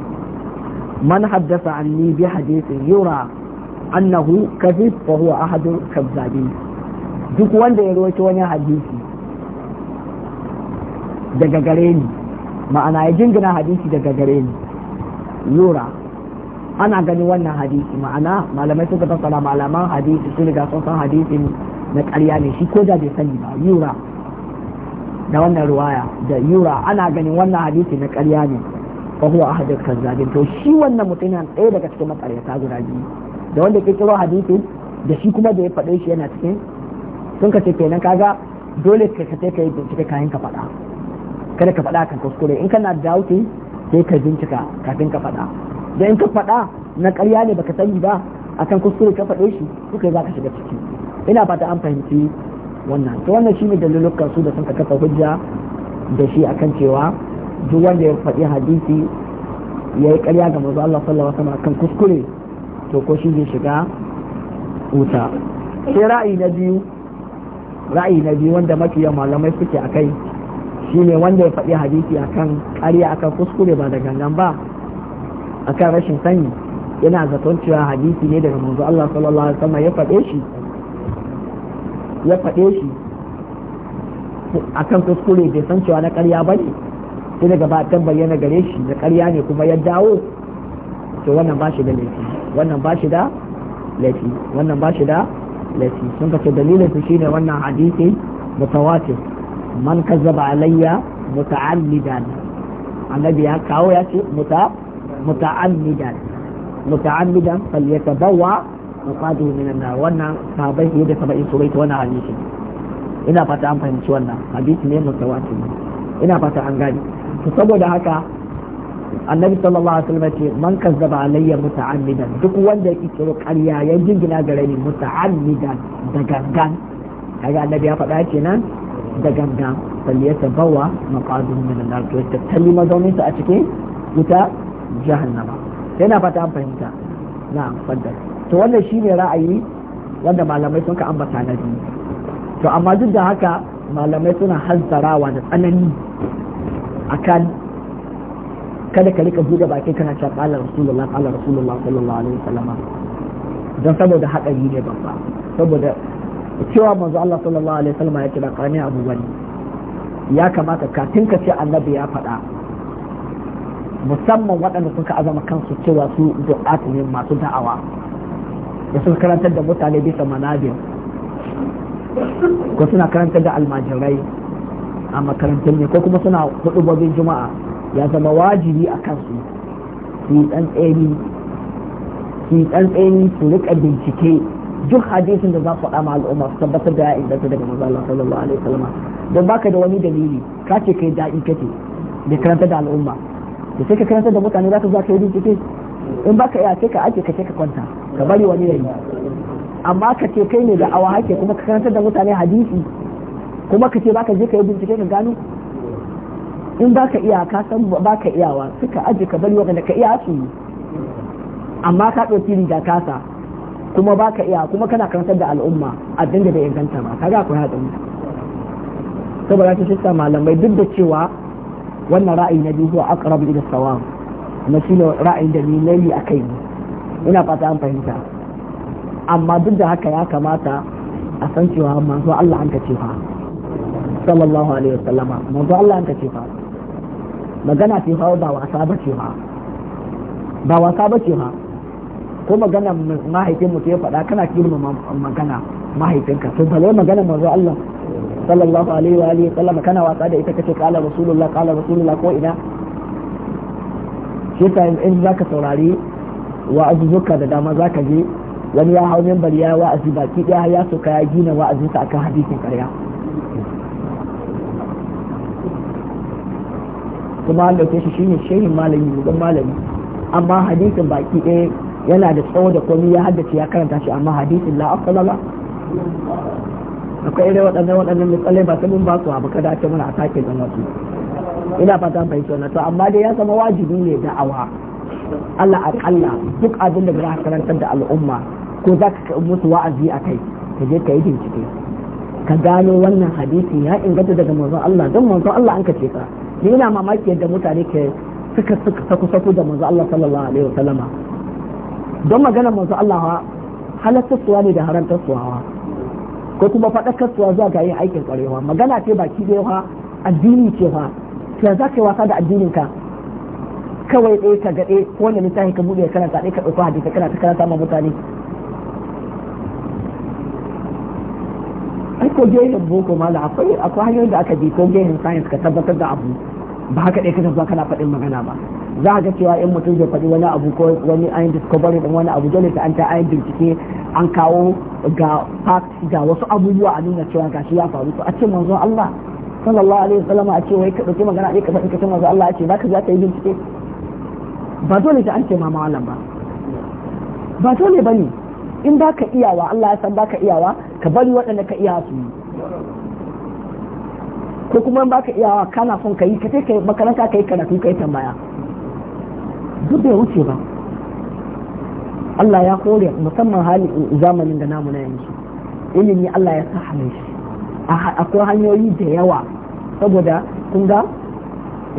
man haddasa anni bi hadisin yura annahu kadhib fa huwa ahadul kadhabin duk wanda ya rawaito wani hadisi daga gare ni ma'ana ya jingina hadisi daga gare ni yura ana gani wannan hadisi ma'ana malamai suka fassara malaman hadisi sun riga sun san hadisin na ƙarya ne shi ko da bai sani ba yura da wannan ruwaya da yura ana ganin wannan hadisi na ƙarya ne fa huwa ahadul kazzabin to shi wannan mutum yana ɗaya daga cikin maƙaryata guda biyu da wanda ke kiro hadisi da shi kuma da ya faɗe shi yana cikin sun ka ce kenan kaga dole ka kace kai yi bincike kayan ka faɗa kada ka faɗa kan kuskure in kana da sai ka bincika kafin ka faɗa da in ka faɗa na ƙarya ne baka sani ba akan kuskure ka faɗe shi kuka za ka shiga ciki ina fata an fahimci wannan to wannan shine dalilukan su da sun kafa hujja da shi akan cewa duk wanda ya faɗi hadisi ya yi ƙarya ga manzo Allah sallallahu alaihi wasallam akan kuskure to ko shi zai shiga wuta sai ra'ayi na biyu ra'ayi na biyu wanda mafiya malamai suke akai shine wanda ya faɗi hadisi akan ƙarya akan kuskure ba da gangan ba akan rashin sani yana zaton cewa hadisi ne daga manzo Allah sallallahu alaihi wasallam ya faɗe shi ya faɗe shi akan kuskure bai san cewa na ƙarya ba ne sai daga ba ta bayyana gare shi na ƙarya ne kuma ya dawo to wannan ba shi da laifi wannan ba shi da laifi wannan ba shi da laifi sun ka ce dalilin su shine wannan hadisi mutawatir man kazzaba alayya muta'allidan annabi ya kawo ya ce muta'allidan muta'ammidan muta'ammidan falyatabawa muqadu min an-nar wannan sahabbai da saba'in surai ta wannan hadisi ina fata an fahimci wannan hadisi ne mutawatir ina fata an gani to saboda haka annabi sallallahu alaihi wasallam ce man kazzaba alayya muta'ammidan duk wanda yake kiro ƙarya ya jingina gare ni muta'ammidan da gangan kaga annabi ya faɗa kenan da gangan bal ya tabawa maqadun min an-nar to ta tali mazaunin sa a cikin wuta jahannama yana fata an fahimta na fadda to wannan shine ra'ayi wanda malamai sun ka ambata na biyu to amma duk da haka malamai suna hanzarawa da tsanani a kan kada ka rika buɗe baki kana cewa ƙalar rasulullah ƙalar rasulullah sallallahu alaihi wasallam don saboda haƙari ne babba saboda cewa manzo Allah sallallahu alaihi wasallam ya ce da qani abu wani ya kamata ka ka ce annabi ya faɗa musamman waɗanda suka azama kansu cewa su du'atu ne masu da'awa da suka karantar da mutane bisa manabir ko suna karantar da almajirai a makarantar ne ko kuma suna hudubobin juma'a ya zama wajibi a kansu su yi tsantseni su rika bincike duk hadisin da za su faɗa ma al'umma su tabbatar da ya inganta daga manzo Allah sallallahu alaihi wasallam don baka da wani dalili ka ce kai da'i kake da karanta da al'umma da sai ka karanta da mutane za ka za ka yi bincike in ba ka iya sai ka ake ka ka kwanta ka bari wani yayi amma ka ce kai ne da awa hake kuma ka karanta da mutane hadisi kuma ka ce ba ka je ka yi bincike ka gano in ba ka iya ka san ba ka iyawa ka aje ka bari wanda ka iya su amma ka ɗauki riga kasa kuma ba ka iya kuma kana karantar da al'umma a dinga da bai inganta ba ga akwai haɗin saboda shi malamai duk da cewa wannan ra'ayi na biyu huwa aqrab ila sawab kuma shine ra'ayin da ni a akai ina fata an fahimta amma duk da haka ya kamata a san cewa manzo Allah an kace fa sallallahu alaihi wasallama manzo Allah an kace fa magana ce fa ba wasa ba ce fa ba wasa ba ce fa ko magana mahaifin mutum ya faɗa kana kirma magana mahaifinka to bale magana manzo Allah sallallahu alaihi wa alihi sallama kana wasa da ita kace qala rasulullah qala rasulullah ko ina shi ta in zaka saurari wa'azuzzuka da dama zaka je wani ya hau minbari ya wa'azi baki daya ya soka ya gina wa'azinsa akan hadisin karya kuma an dauke shi shine shehin malami mugan malami amma hadisin baki ɗaya yana da tsawo da komai ya haddace ya karanta shi amma hadisin la afdala akwai irin waɗannan waɗannan misalai ba sai mun ba su abu kada ake mana a take don wasu ina fata bai wannan to amma dai ya zama wajibi ne da'awa Allah akalla duk abin da za ka karantar da al'umma ko za ka musu wa'azi a kai ka je ka yi bincike ka gano wannan hadisi ya inganta daga manzon Allah don manzon Allah an kace ka ni ina mamaki yadda mutane ke suka suka saku saku da manzon Allah sallallahu alaihi wa sallama don magana manzon Allah halatta suwa ne da haramta suwa ko kuma faɗakarsuwa zuwa ga yin aikin ƙwarewa magana ce baki ɗaya wa addini ce fa to za ka yi wasa da addinin ka kawai ɗaya ka gaɗe ko wanda littafi ka buɗe karanta ɗaya ka ɗauko hadisi kana ta karanta ma mutane ai ko gehen boko mala akwai akwai hanyoyin da aka bi ko gehen science ka tabbatar da abu ba haka ɗaya ka zuwa kana faɗin magana ba za a ga cewa in mutum zai faɗi wani abu ko wani ayin discovery ɗin wani abu dole ta an ta ayin bincike an kawo ga wasu abubuwa a nuna cewa gashi ya faru to a ce manzon Allah sallallahu alaihi wasallam a ce wai ka dauki magana ɗaya ka faɗi ka ce manzon Allah ya ce zaka za ka yi bincike ba dole ta an ce ma malam ba ba dole bane in baka iyawa Allah ya san baka iyawa ka bari waɗanda ka iya su ko kuma in baka iyawa kana son ka yi ka ce makaranta ka yi karatu ka yi tambaya duk bai wuce ba Allah ya kore musamman hali zamanin da namu na yanzu ilimi Allah ya sa hannun shi akwai hanyoyi da yawa saboda kun ga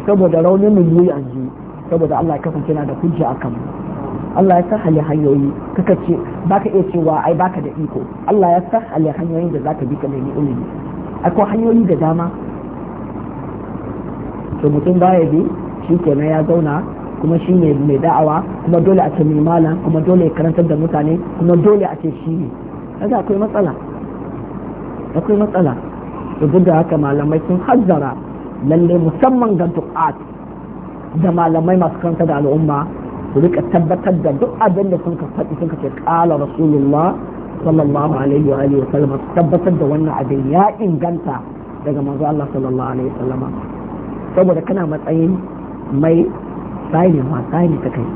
saboda raunin mu yi yanzu saboda Allah ya kasance na da hujja akan mu Allah ya sa hali hanyoyi kaka ce baka iya cewa ai baka da iko Allah ya sa hali hanyoyin da zaka bi ka nemi ilimi akwai hanyoyi da dama to mutum baya bi shi kenan ya zauna kuma shi ne mai da'awa kuma dole a ce mai malam kuma dole ya karantar da mutane kuma dole a ce shi ne kaga akwai matsala akwai matsala duk da haka malamai sun hazzara lalle musamman ga du'at da malamai masu karanta da al'umma su rika tabbatar da duk abin da sun ka faɗi sun ka ce ƙala rasulullah sallallahu alaihi wa alihi wa sallam tabbatar da wannan abin ya inganta daga manzo Allah sallallahu alaihi wa sallama saboda kana matsayin mai tsari ma ta kai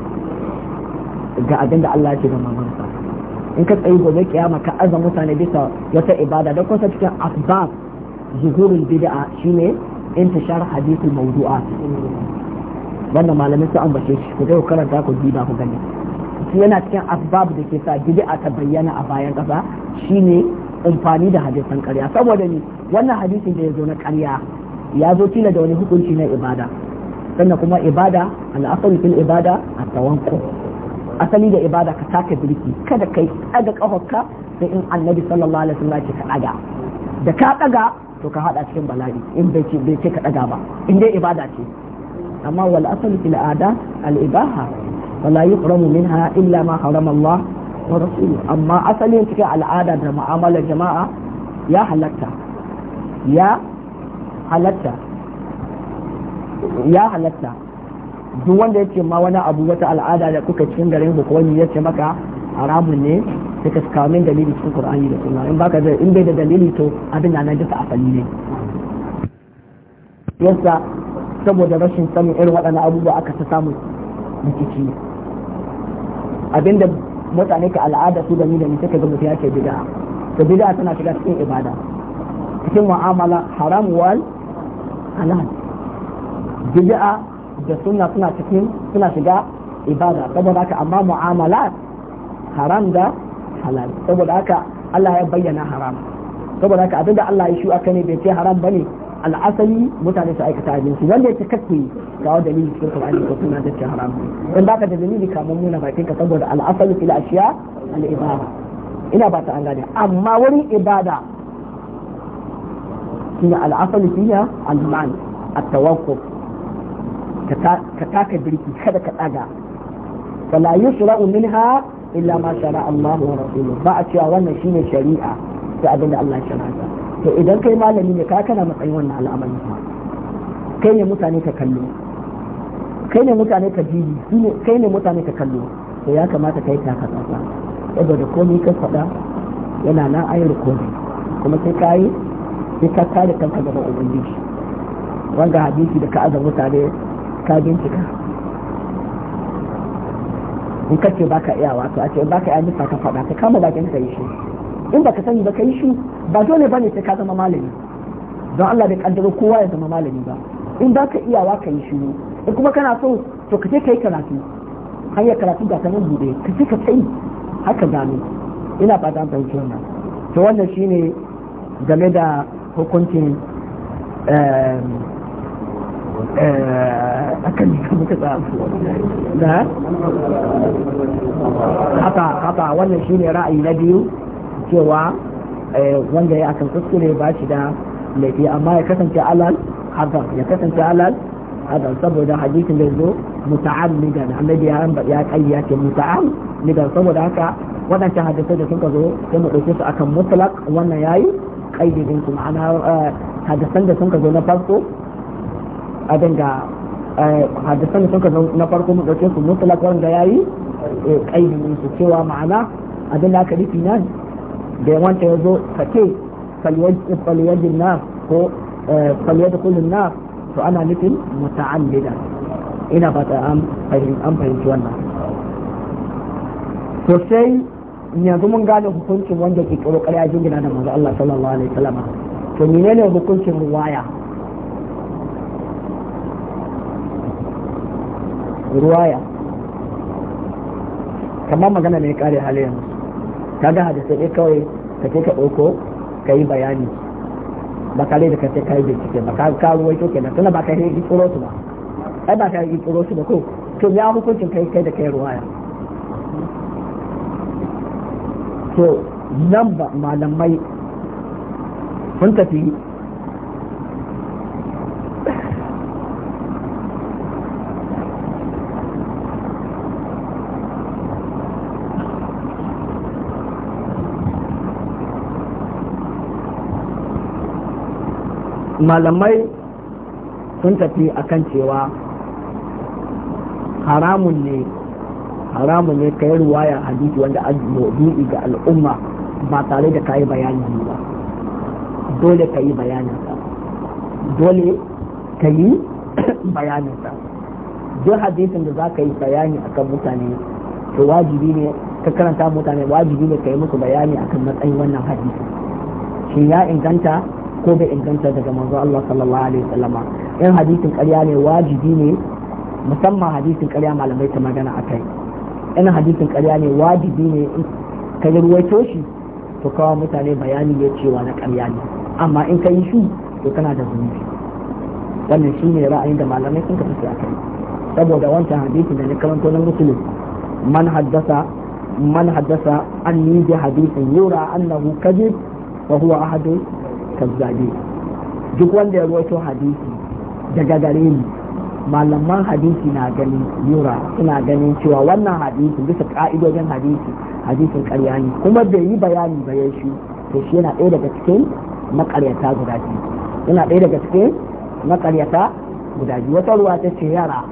ga abin da Allah ce zama mamansa in ka tsayi gobe kiyama ka aza mutane bisa wata ibada da kusa cikin asbab zuhurul bid'a shine intishar hadithul mawdu'at wannan malamin su ambace shi ku je ku karanta ku diba ku gani shi yana cikin asbab da ke sa bid'a ta bayyana a bayan kasa shine amfani da hadisan karya saboda ni wannan hadisin da ya zo na karya ya zo kila da wani hukunci na ibada sannan kuma ibada al'asali fil ibada a tawanko asali da ibada ka taka birki kada kai daga kafarka sai in annabi sallallahu alaihi wasallam ce ka daga da ka daga to ka hada cikin bala'i in bai ce bai ce ka daga ba in dai ibada ce amma wal asali fil ada al ibaha wala yuhramu minha illa ma harama Allah wa rasuluhu amma asalin cikin al'ada da mu'amalar jama'a ya halatta ya halatta ya halatta duk wanda ya ce ma wani abu wata al'ada da kuka cikin garin ku wani ya ce maka haramun ne sai ka kawo dalili cikin qur'ani da sunna in baka zai in bai da dalili to abin nan duka a fali ne yasa saboda rashin sanin irin waɗannan abubuwa aka ta samu rikici abinda mutane ka al'ada su da ni da ni take ga mutum ya bid'a to bid'a tana shiga cikin ibada cikin mu'amala haram wal halal bid'a da sunna suna cikin suna shiga ibada saboda haka amma mu'amalat haram da halal saboda haka Allah ya bayyana haram saboda haka abinda Allah ya shi aka ne bai ce haram bane al'asali mutane su aikata abin su wanda yake kake kawo dalili cikin Qur'ani ko sunna da ce haram in baka da dalili kamar muna bakin ka saboda al'asali fil ashiya al ibada ina ba ta an gane amma wurin ibada shine al'asali fiya al-ma'an at-tawakkuf ka taka birki kada ka tsaga wala yusra'u minha illa ma shara Allah wa rasuluhu ba a cewa wannan shine shari'a sai abin da Allah ya shari'a to idan kai malami ne ka kana matsayin wannan al'amari kai ne mutane ka kallo kai ne mutane ka jibi, kai ne mutane ka kallo to ya kamata kai ta ka tsasa saboda komai ka faɗa yana nan ayar komai kuma sai ka yi sai ka kare kanka gaban ubangiji wanga hadisi da ka azar mutane ka bincika in ka ce baka iya wato a ce baka iya nufa ka faɗa ka kama bakin ka yi shi in baka sani ba ka yi shi ba dole bane sai ka zama malami don Allah bai kaddaro kowa ya zama malami ba in baka iyawa ka yi shiru in kuma kana so to ka je ka yi karatu hanyar karatu ga sanin bude ka ce ka tsayi haka gano ina ba an bai wannan to wannan shine game da hukuncin eh, Eh, akan jikin muka tsaya da haka haka wannan shine ra'ayi na biyu cewa eh, wanda ya akan kuskure ba shi da laifi amma ya kasance alal hadar ya kasance alal hadar saboda hadisin da zo muta'ammidan annabi ya ya kai ya ce muta'ammidan saboda haka wadancan hadisai da suka zo sai mu ɗauke su akan mutlaq wannan yayi kaidin su ma'ana eh, hadisan da suka zo na farko a eh, da hadisan suka na farko mu dauke su mutlaq wanda yayi eh, ne su cewa ma'ana abin da aka rufi nan da wanda ya zo ka ce falyajin na ko eh, falyajin na to ana nufin muta'allida ina fata an fahimci wannan to sai yanzu mun gane hukuncin wanda ke kiro ƙarya jingina da manzo Allah sallallahu alaihi wasallam to menene hukuncin ruwaya ruwaya kamar magana mai kare hali ta ga hadisai sai kawai ka ce ka ɗauko ka yi bayani ba kare da ka ce ka yi bincike ba ka ka ruwaito kenan tana ba ka yi tsoro su ba ai ba ka yi tsoro su ba ko to ya hukuncin kai kai da kai ruwaya to nan ba malamai sun tafi malamai sun tafi akan cewa haramun ne haramun ne kai ruwaya hadisi wanda an maudu'i ga al'umma ba tare da kayi bayani ba dole ka yi bayaninsa dole ka yi bayaninsa duk hadisin da za ka yi bayani akan mutane to wajibi ne ka karanta mutane wajibi ne ka yi musu bayani akan matsayin wannan hadisi shi ya inganta ko bai inganta daga manzo Allah sallallahu alaihi wasallama in hadisin ƙarya ne wajibi ne musamman hadisin ƙarya malamai ta magana akai in hadisin ƙarya ne wajibi ne in ka ruwaito shi to kawo mutane bayani ya cewa na ƙarya ne amma in ka yi shi to kana da zunubi wannan shi shine ra'ayin da malamai sun tafi a kai saboda wancan hadisin da na karanto na musulun man haddasa man haddasa an yi hadisin yura annahu kadib wa huwa ahadun kazzabe duk wanda ya ruwaito hadisi daga gare ni malaman hadisi na ganin yura suna ganin cewa wannan hadisi bisa ka'idojin hadisi hadisin karya ne kuma bai yi bayani ba ya shi to shi yana ɗaya daga cikin makaryata guda biyu yana ɗaya daga cikin makaryata guda biyu wata ruwa ta ce yara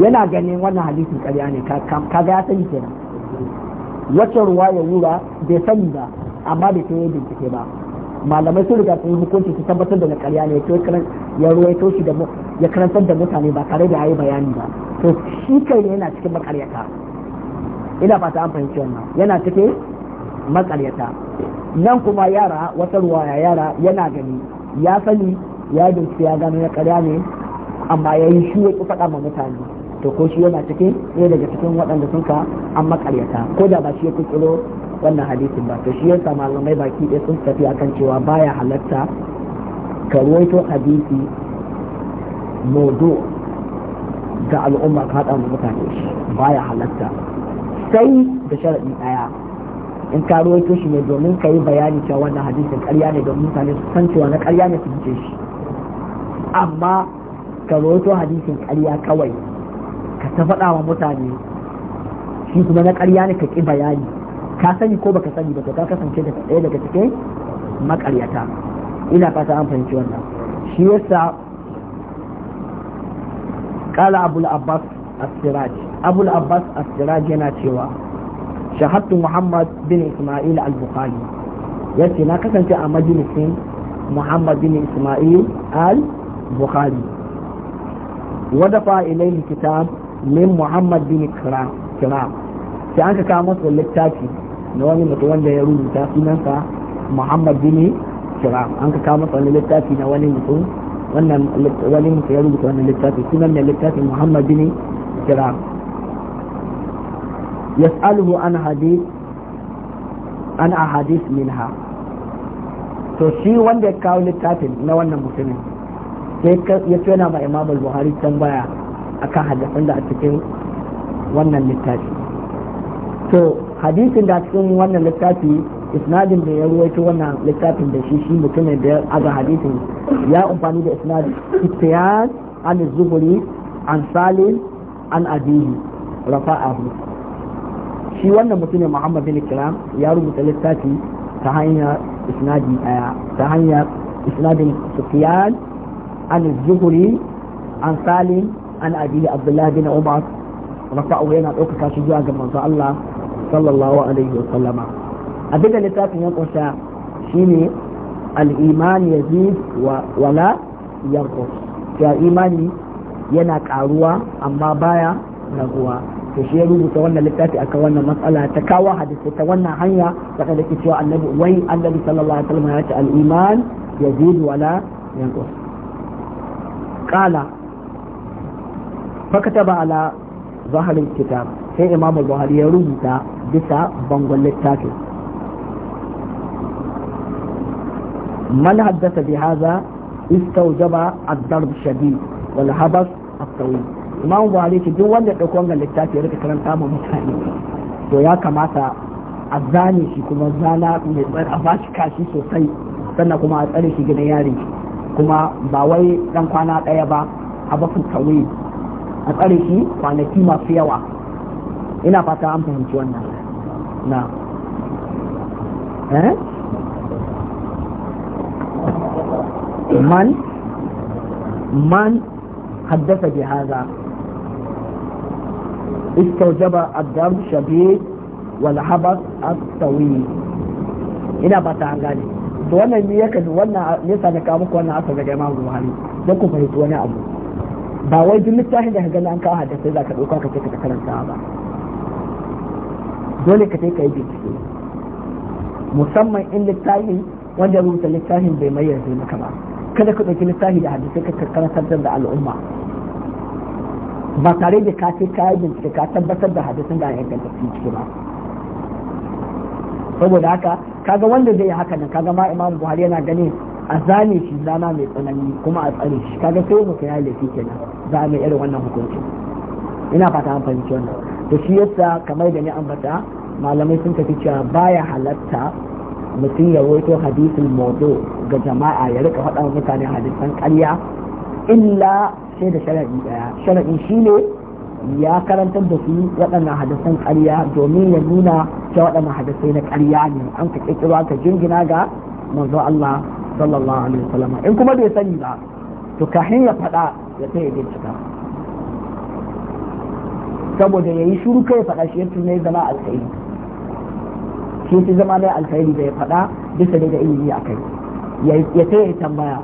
yana ganin wannan hadisin karya ne ka ga ya sani kenan wacce ruwa ya wura bai sani ba amma bai yi bincike ba malamai sun riga sun hukunci su tabbatar da karya ne ya ya toshi da ya karantar da mutane ba tare da yayi bayani ba to shi kai yana cikin makaryata ina fata an fahimci wannan yana cikin makaryata nan kuma yara wata ruwaya yara yana gani ya sani ya bincike ya gano ya karya ne amma yayi shi ya kusa faɗa mutane to ko shi yana cikin ɗaya daga cikin waɗanda sun ka an makaryata ko da ba shi ya kuskuro wannan hadisin ba to shi yasa malamai baki ɗaya sun tafi akan cewa baya halatta ka ruwaito hadisi modo ga al'umma ka haɗa mu mutane shi baya halatta sai da sharaɗi ɗaya in ka ruwaito shi ne domin ka yi bayani cewa wannan hadisin ƙarya ne domin mutane su san cewa na ƙarya ne su ji shi amma ka ruwaito hadisin ƙarya kawai ka ta faɗa wa mutane shi kuma na ƙarya ne ka ƙi bayani ka sani ko baka sani ba to ka kasance daga ɗaya daga cikin maƙaryata ina fata an fahimci wannan shi yasa qala abul abbas as-siraj abul abbas as-siraj yana cewa shahadtu muhammad bin isma'il al-bukhari yace na kasance a majalisin muhammad bin isma'il al-bukhari wadafa ilayhi min muhammad bin kiram sai an ka kawo masa littafi na wani mutum wanda ya rubuta sunansa muhammad bin kiram an ka kawo masa wani littafi na wani mutum wannan wani mutum ya rubuta wannan littafi sunan ne littafi muhammad bin kiram yas'aluhu an hadith an ahadith minha to shi wanda ya kawo littafin na wannan mutumin sai ya tona ma imam al-buhari tambaya akan hadisan da a cikin wannan littafi to hadisin da a cikin wannan littafi isnadin da ya ruwaito wannan littafin da shi shi mutumin da aza hadisin ya amfani da isnad ittiyaz an zuburi an salim an abihi rafa'ahu shi wannan mutumin muhammad bin kiram ya rubuta littafi ta hanyar isnadi daya ta hanyar isnadin sufyan an zuburi an salim an abi Abdullahi bin umar rafa'u yana ɗaukaka shi zuwa ga manzo Allah sallallahu alaihi wa sallama abinda littafin ya kunsa shine al-iman yazid wa wala yanqus ya imani yana karuwa amma baya raguwa to shi ya rubuta wannan littafi akan wannan matsala ta kawo hadisi ta wannan hanya Saka kada ke cewa annabi wai annabi sallallahu alaihi wa sallam ya ce al-iman yazid wala yanqus qala fakataba ala zahalin kitab sai imamu buhari ya rubuta bisa bangon littafi. man haddasa bi haza istawjaba ad-darb shadid wal habas at-tawil imamu buhari ki duk wanda dauko wannan littafi ya rika karanta mu mutane to ya kamata a zane shi kuma zana mai tsar a bashi kashi sosai sannan kuma a tsare shi gidan yari kuma ba wai dan kwana daya ba a at-tawil a tsare shi kwanaki masu yawa ina fata an fahimci wannan na eh man man haddasa bi haza istaujaba addam shabi wal habas at-tawil ina fata an gane to wannan ne yake wannan ne sa na kawo muku wannan asa daga Imam Buhari don ku fahimci wani abu ba wai duk littafin da ka gani an kawo hadisai za ka ɗauka ka ce ka karanta ba dole ka ka yi bincike musamman in littafin wanda ya rubuta littafin bai mai yanzu maka ba kada ka ɗauki littafi da hadisai ka karantar da al'umma ba tare da ka ce ka yi bincike ka tabbatar da hadisin da ya ganta ciki ba saboda haka kaga wanda zai yi haka nan kaga ma imamu buhari yana ganin a zane shi zana mai tsanani kuma a tsare shi kaga sai mu kai laifi kenan za a mai irin wannan hukunci ina fata an fahimci wannan to shi yasa kamar da ni ambata malamai sun tafi cewa baya halatta mutum ya rawaito hadisul mawdu ga jama'a ya rika faɗa mutane hadisan ƙarya illa sai da ɗaya daya sharadin shine ya karantar da su waɗannan hadisan ƙarya domin ya nuna cewa waɗannan hadisai na ƙarya ne an ka kirkiro aka jingina ga manzo Allah sallallahu alaihi wasallam in kuma bai sani ba to kahin ya faɗa ya kai ya cika saboda ya yi shuru kai faɗa shi ya tunai zama alkhairi shi ya zama mai alkhairi da ya faɗa bisa da ilimi a kai ya kai ya tambaya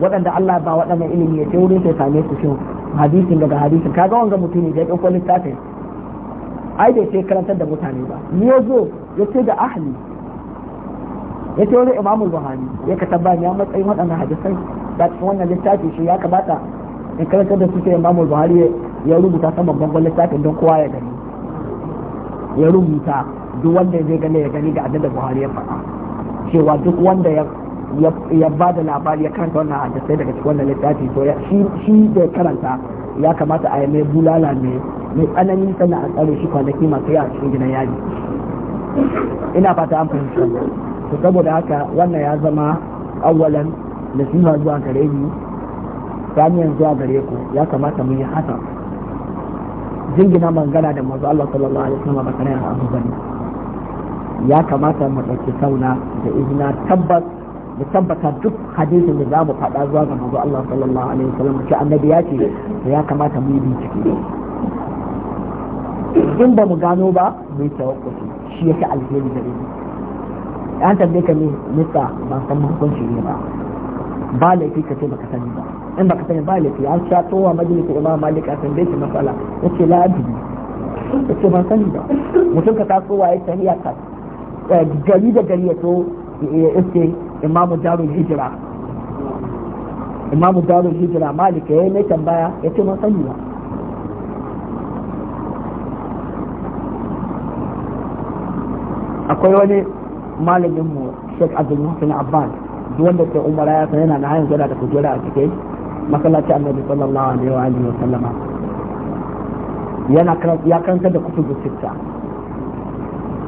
waɗanda Allah ba waɗannan ilimi ya ce wurin sai same su shi hadisin daga hadisin kaga wanga mutum ne da ya ɗauko littafin ai bai ya karantar da mutane ba ni ya zo ya ce da ahli ya ce wani imamul buhari ya ka tabbani ya matsayin waɗannan hadisai da cikin wannan littafi shi ya kamata In karantar da suke sai Buhari ya rubuta kan babban gwal littafin don kowa ya gani ya rubuta duk wanda zai gane ya gani ga abin da Buhari ya faɗa cewa duk wanda ya ba da labari ya karanta wannan hadisai daga cikin wannan littafi to shi da karanta ya kamata a yi mai bulala ne mai tsanani sannan a tsare shi kwanaki masu yawa cikin gidan yaji ina fata an fahimci wannan to saboda haka wannan ya zama awwalan nasiha zuwa gare ni samiyan zuwa gare ku ya kamata mu yi haka jingina mangana da mazu Allah sallallahu alaihi wasallam bakare a abu bane ya kamata mu dauki sauna da izina tabbas da tabbata duk hadisi da za mu faɗa zuwa ga mazu Allah sallallahu alaihi wasallam ce annabi ya ce ya kamata mu yi bincike in ba mu gano ba mu yi tawakkuli shi yake alheri gare mu an tambaye ka me ba ban san hukunci ne ba ba laifi ka ce baka sani ba in baka sani ba laifi an sha towa majalisa imam malik a tambaye shi matsala yace la adri yace ban sani ba mutum ka taso waye tahiya ka gari da gari ya to yace imamu darul hijra imamu darul hijra malik yayi mai tambaya yace ban sani ba akwai wani malamin mu Sheikh Abdul Muhsin Abbas duk wanda ke umara ya san yana na hayan gwada da kujera a cikin masallaci annabi sallallahu alaihi wa alihi wa sallama yana ya karanta da kutubu sitta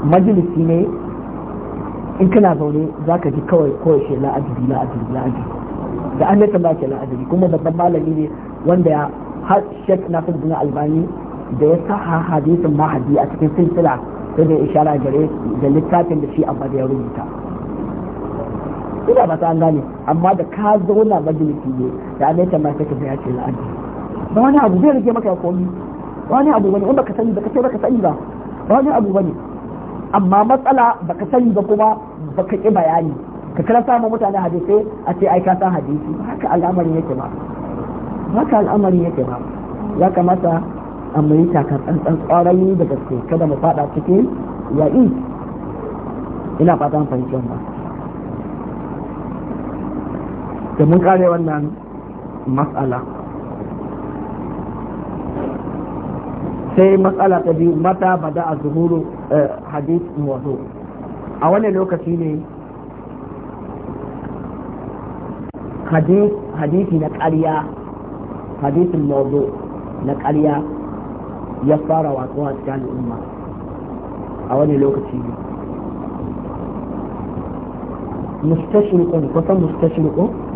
majalisi ne in kana zaune za ka ji kawai kawai shi la'adari la'adari la'adari da an nata ba ke la'adari kuma babban malami ne wanda ya har shek na bin albani da ya saha hadisin mahadi a cikin silsila sai da ishara gare da littafin da shi abba da ya rubuta ina ba an gane amma da ka zauna majalisi ne da alaita ma sai ka ya ce la'adi ba wani abu zai rage maka komi ba wani abu bane wanda baka sani ba ka ce ba ka sani ba ba wani abu bane amma matsala baka ka sani ba kuma ba ka ƙi bayani ka kira samun mutane hadisai a ce ai ka san hadisi haka al'amarin yake ba haka al'amarin yake ba ya kamata a mai takar tsantsan ƙwararri da gaske kada mu fada cikin ya'i ina fatan fahimtar ba da mun kare wannan matsala sai matsala ta biyu mata bada a zuhuru eh, hadith wazo a wani lokaci ne hadithi na ƙarya hadithin mawazo na ƙarya ya fara a cikin al'umma a wani lokaci ne mustashirikun kusan mustashirikun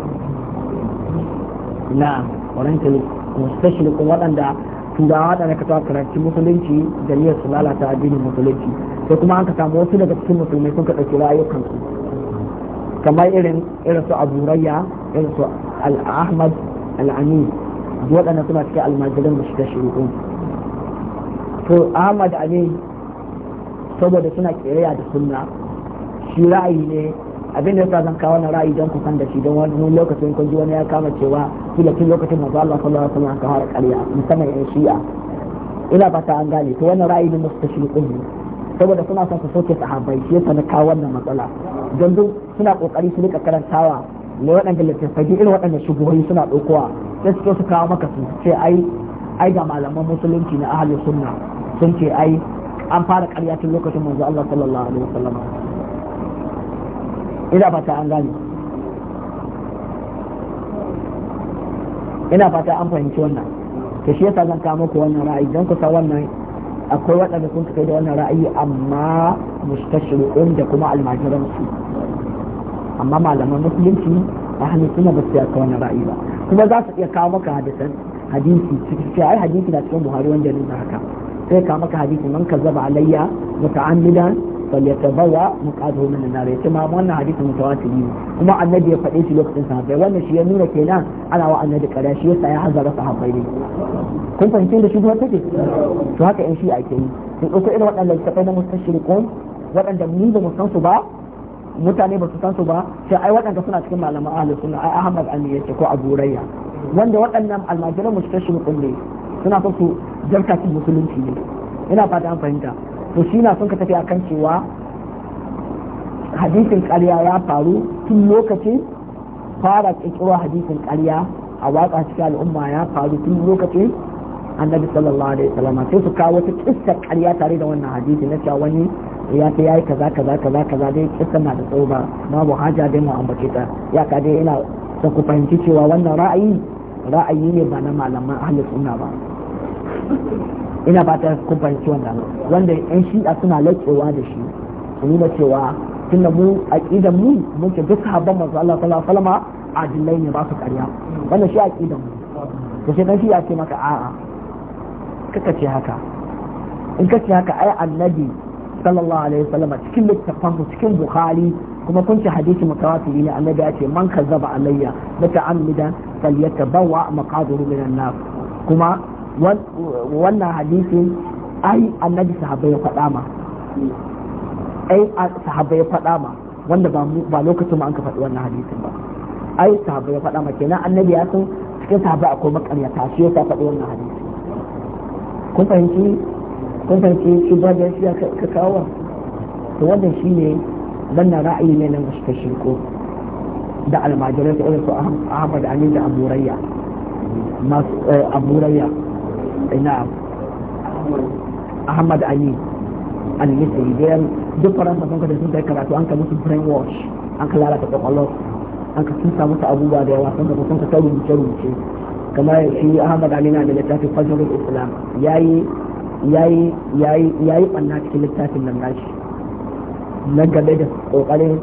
na'am oriental especially kuma waɗanda turawa waɗanda ka karanci musulunci da niyyar su lalata addinin musulunci sai kuma an ka samu wasu daga cikin musulmai sun ka ɗauki ra'ayyukansu kamar irin irin su abu rayya irin su al-ahmad al-amin waɗanda suna cikin almajiran da shiru shirin to ahmad ali saboda suna ƙiraya da sunna shi ra'ayi ne abin da yasa zan kawo na ra'ayi don ku san da shi don wani lokacin kun ji wani ya kama cewa kila kin lokacin da Allah sallallahu alaihi wasallam ka har ƙarya musamman yan shi'a ina ba ta an gane to wannan ra'ayi ne mustashriqin saboda suna son su soke sahabbai shi yasa na kawo wannan matsala don duk suna kokari su rika karantawa ne waɗanda littattafai irin waɗanda shugabanni suna ɗaukowa sai su su kawo maka su ce ai ai ga malaman musulunci na ahlus sunna sun ce ai an fara ƙarya tun lokacin manzo Allah sallallahu alaihi wasallam ina fata an gane ina fata an fahimci wannan to shi yasa zan kawo muku wannan ra'ayi don kusa wannan akwai waɗanda sun kai da wannan ra'ayi amma mustashriqun da kuma almajiran su amma malaman musulunci a hannun suna ba su yaka wannan ra'ayi ba kuma za su iya kawo maka hadisan hadisi cikin cewa ai hadisi na cikin buhari wanda ne haka sai ka maka hadisi man kazzaba alayya muta'ammidan falyatabawa muqadahu min an-nar yace ma wannan hadisin mutawatir ne kuma annabi ya faɗe shi lokacin sahabbai wannan shi ya nuna kenan ana wa annabi kada shi yasa ya hanzara sahabbai ne kun fahimci da shi kuma take to haka in shi ake yi sun ɗauko irin waɗannan na waɗanda ba mu san ba mutane ba su san su ba sai ai waɗanda suna cikin malaman ahlus sunna ai Ahmad Ali yace ko Abu Rayya wanda waɗannan almajiran mustashriqun ne suna so su jarka musulunci ne ina fata an fahimta to shi na sun ka tafi akan cewa hadisin karya ya faru tun lokacin fara kirkiro hadisin karya a watsa cikin al'umma ya faru tun lokacin annabi sallallahu alaihi wasallam sai su kawo wata kissa karya tare da wannan hadisi na cewa wani ya ta yayi kaza kaza kaza kaza dai kissa na da tsawo ba babu haja dai mu ambace ta ya ka dai ina da ku fahimci cewa wannan ra'ayi ra'ayi ne ba na malaman ahlus sunna ba ina fata kun fahimci wannan wanda yan shi'a suna laƙewa da shi su nuna cewa tunda mu a aqidan mu mun muke duk sahabban manzo Allah sallallahu alaihi wasallam dillai ne ba su ƙarya wannan shi aqidan mu to sai dan shi'a ce maka a'a kaka ce haka in kace haka ai annabi sallallahu alaihi wasallam cikin littafin cikin bukhari kuma kun ci hadisi mutawatiri ne annabi ya ce man kazzaba alayya muta'ammidan falyatabawa maqadahu minan nar kuma wannan hadisin ai annabi sahabbai ya faɗa ma ai sahabbai ya faɗa ma wanda ba lokacin ma an ka faɗi wannan hadisin ba ai sahabbai ya faɗa ma kenan annabi ya san cikin sahabbai akwai makaryata shi ya sa faɗi wannan hadisi kun fahimci kun fahimci shi ba da shi ka kawo to wannan shi ne wannan ra'ayi ne na mashkashi ko da almajirai su irin su ahmad amin da aburayya masu eh, aburayya Eh, na'am ahmad ali al-misri bayan duk faransa sun da sun kai karatu an ka musu brainwash an ka lalata kwakwalwar an ka tusa musu abubuwa da yawa sun ka sun ka ta rubuce rubuce kamar shi ahmad ali na da littafin fajrul islam yayi yayi yayi yayi banna cikin littafin nan nashi na gabe da kokarin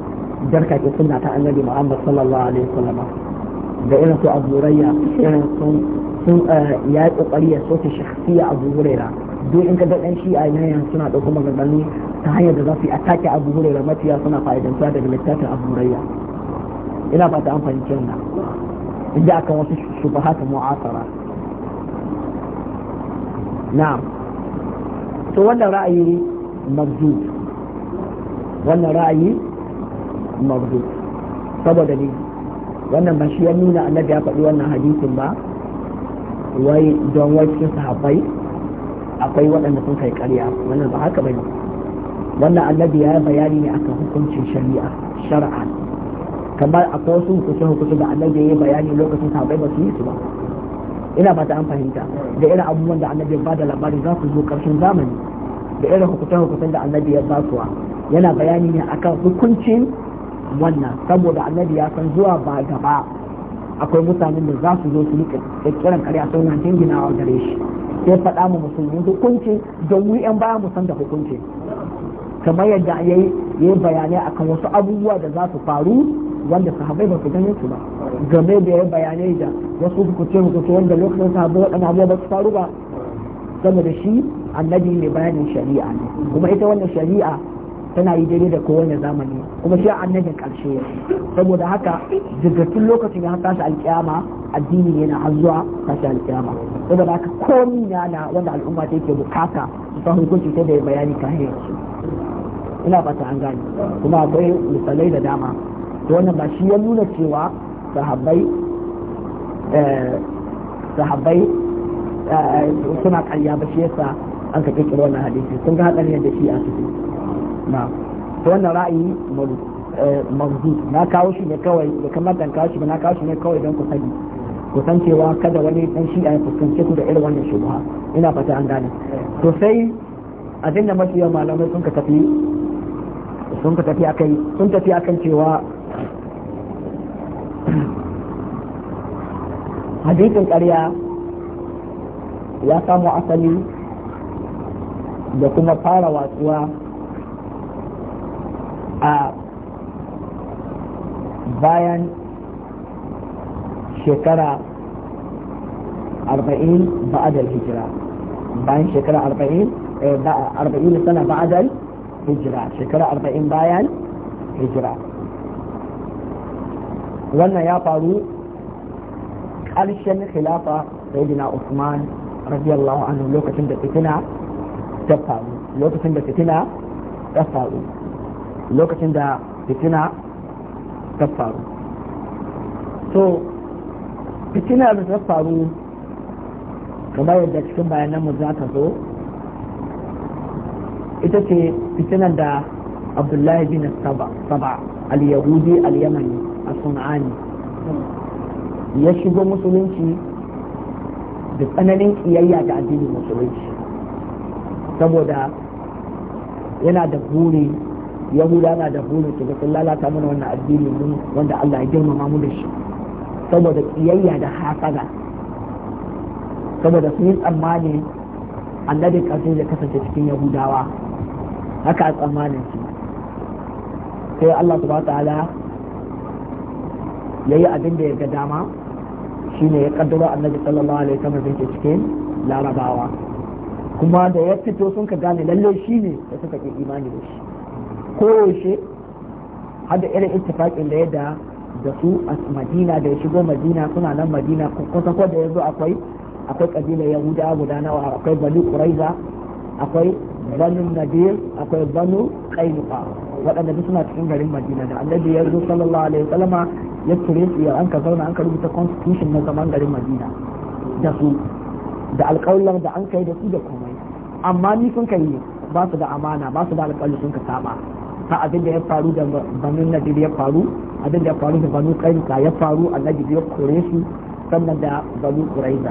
jarka ke sunna ta annabi muhammad sallallahu alaihi wasallam da irin su aburayya irin su sun eh, ya yi kokari ya soke shakhsiya abu huraira duk in ka ga dan shi'a na yan suna dauko maganganu ta hanyar da za su yi atake abu huraira mafiya suna fa'idantuwa daga littafin abu huraira ina fata an fahimci wannan inda akan wasu shubahat mu'asara na'am to wannan ra'ayi mabdud wannan ra'ayi mabdud saboda ne wannan ba shi ya nuna annabi ya faɗi wannan hadisin ba wai don wai cikin sahabbai akwai waɗanda sun kai ƙarya wannan ba haka bane wannan annabi ya bayani ne akan hukuncin shari'a shar'an kamar akwai wasu hukuncin hukuncin da annabi ya bayani lokacin sahabbai ba su yi su ba ina ba ta an fahimta da irin abubuwan da annabi ba da labari za su zo ƙarshen zamani da irin hukuncin hukuncin da annabi ya basuwa yana bayani ne akan hukuncin wannan saboda annabi ya san zuwa ba gaba akwai mutanen da za su zo su rika kirkiran karya gina jinginawa gare shi sai faɗa mu musulmi hukunci don mu yan baya mu san da hukunci kamar yadda ya yi bayanai akan wasu abubuwa da za su faru wanda sahabai ba su gane su ba game da ya bayanai da wasu hukunce hukunce wanda lokacin sahabai waɗanda abubuwa ba su faru ba da shi annabi ne bayanin shari'a ne kuma ita wannan shari'a tana yi daidai da kowane zamani kuma shi annabin karshe saboda haka jirgatun lokacin ya tashi alkiyama addini yana har zuwa tashi alkiyama saboda haka komi na na wanda al'umma ta yake bukata su san hukunci ta da bayani ta hanyar su ina fata an gane kuma akwai misalai da dama to wannan ba shi ya nuna cewa sahabbai eh, sahabbai eh, suna karya ba shi yasa an ka kirkiro wannan hadisi sun ga hadarin da shi a ciki na to wannan ra'ayi mawuzi eh, na kawo shi ne kawai da kamar dan kawo shi ba na kawo shi ne kawai don ku sani ku san cewa kada wani dan shi a fuskance ku da irin wannan shubuha ina fata an gane to sai abin da mafi yawan malamai sun ka tafi sun ka tafi akai sun tafi akan cewa hadisin ƙarya ya samu asali da kuma fara watsuwa a bayan shekara arba'in ba'ad al-hijra bayan shekara arba'in arba'in sana ba'ad al-hijra shekara arba'in bayan hijira wannan ya faru ƙarshen khilafa sayyidina Usman radiyallahu anhu lokacin da fitina ta faru lokacin da fitina ta faru lokacin da fitina ta faru so fitina da ta faru kamar yadda cikin bayanan mu za ta zo ita ce fitinan da abdullahi bin saba al-yahudi al-yamani a sun'ani ya shigo musulunci da tsananin kiyayya da addinin musulunci saboda yana da buri yahuda na da burin su sun lalata mana wannan addini mun wanda Allah ya girmama mu da shi saboda kiyayya da hasada saboda sun yi tsammani annabin ƙarshe da kasance cikin yahudawa haka a tsammanin shi sai Allah subhanahu ta'ala yayi abin da ya ga dama shine ya kaddaro annabi sallallahu alaihi wasallam da cikin larabawa kuma da ya fito sun ka gane lalle shine da suka ke imani da shi koyaushe har da irin ittifaqin da ya da da su a madina da ya shigo madina suna nan madina kusan ko da ya zo akwai akwai kabilar yahuda guda nawa akwai bani quraiza akwai banu nadir akwai banu qainuqa waɗanda duk suna cikin garin madina da annabi ya zo sallallahu alaihi wasallama ya ture su ya anka zauna an ka rubuta constitution na zaman garin madina da su da alƙawarin da an kai da su da komai amma ni sun kai ba su da amana ba su da alƙawari sun ka saba ta abin da ya faru da banu nadir ya faru abin da ya faru da banu kainka ya faru annabi ya kore su sannan da banu quraiza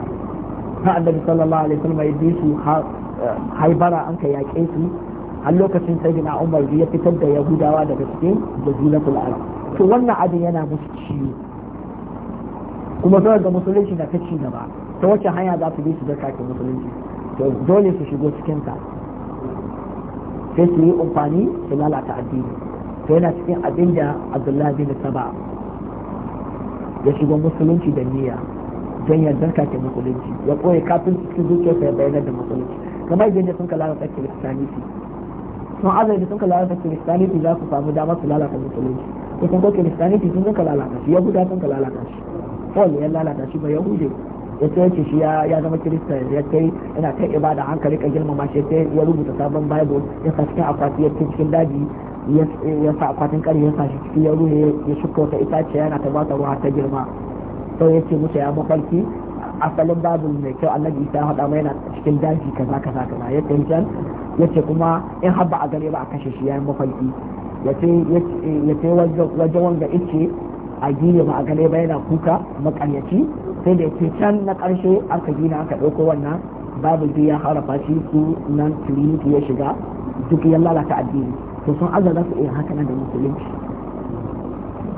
ha annabi sallallahu alaihi wasallam ya bi su eh, haibara an ka yaƙe su har lokacin sai gina umar ya fitar da yahudawa daga cikin jaziratul arab to wannan abin yana musu ciwo kuma sai ga musulunci na ta ci gaba ta wacce hanya za su bi su da sake musulunci to dole su shigo cikin ta sai su yi amfani su lalata addini to yana cikin abin da abdullahi bin saba ya shiga musulunci da niyya don ka ke musulunci ya koya kafin cikin zuciyarsa sai bayyana da musulunci kamar yadda sun ka lalata kiristaniti sun azar da sun lalata kiristaniti za su samu damar su lalata musulunci ko sun ko kiristaniti sun lalata shi yahuda sun lalata shi paul ya lalata shi ba yahudi ita yace shi ya zama kirista ya kai yana kai ibada hankali ka girmama shi sai ya rubuta sabon bible ya sa cikin akwati ya cikin daji ya sa akwatin kare ya sa shi cikin ya ruhe ya shuka wata itace yana ta ta ruwa ta girma ya yace musa ya mafarki asalin babul mai kyau annabi isa hada mai yana cikin daji kaza kaza kaza ya tantan kuma in haba a gare ba a kashe shi yayin mafarki ya ce wajen wanga ice a gine ba a gare ba yana kuka makaryaci sai da yake can na ƙarshe aka gina aka ɗauko wannan babu biyu ya hara shi su nan trinity ya shiga duk ya lalata addini to sun Allah su iya haka nan da musulunci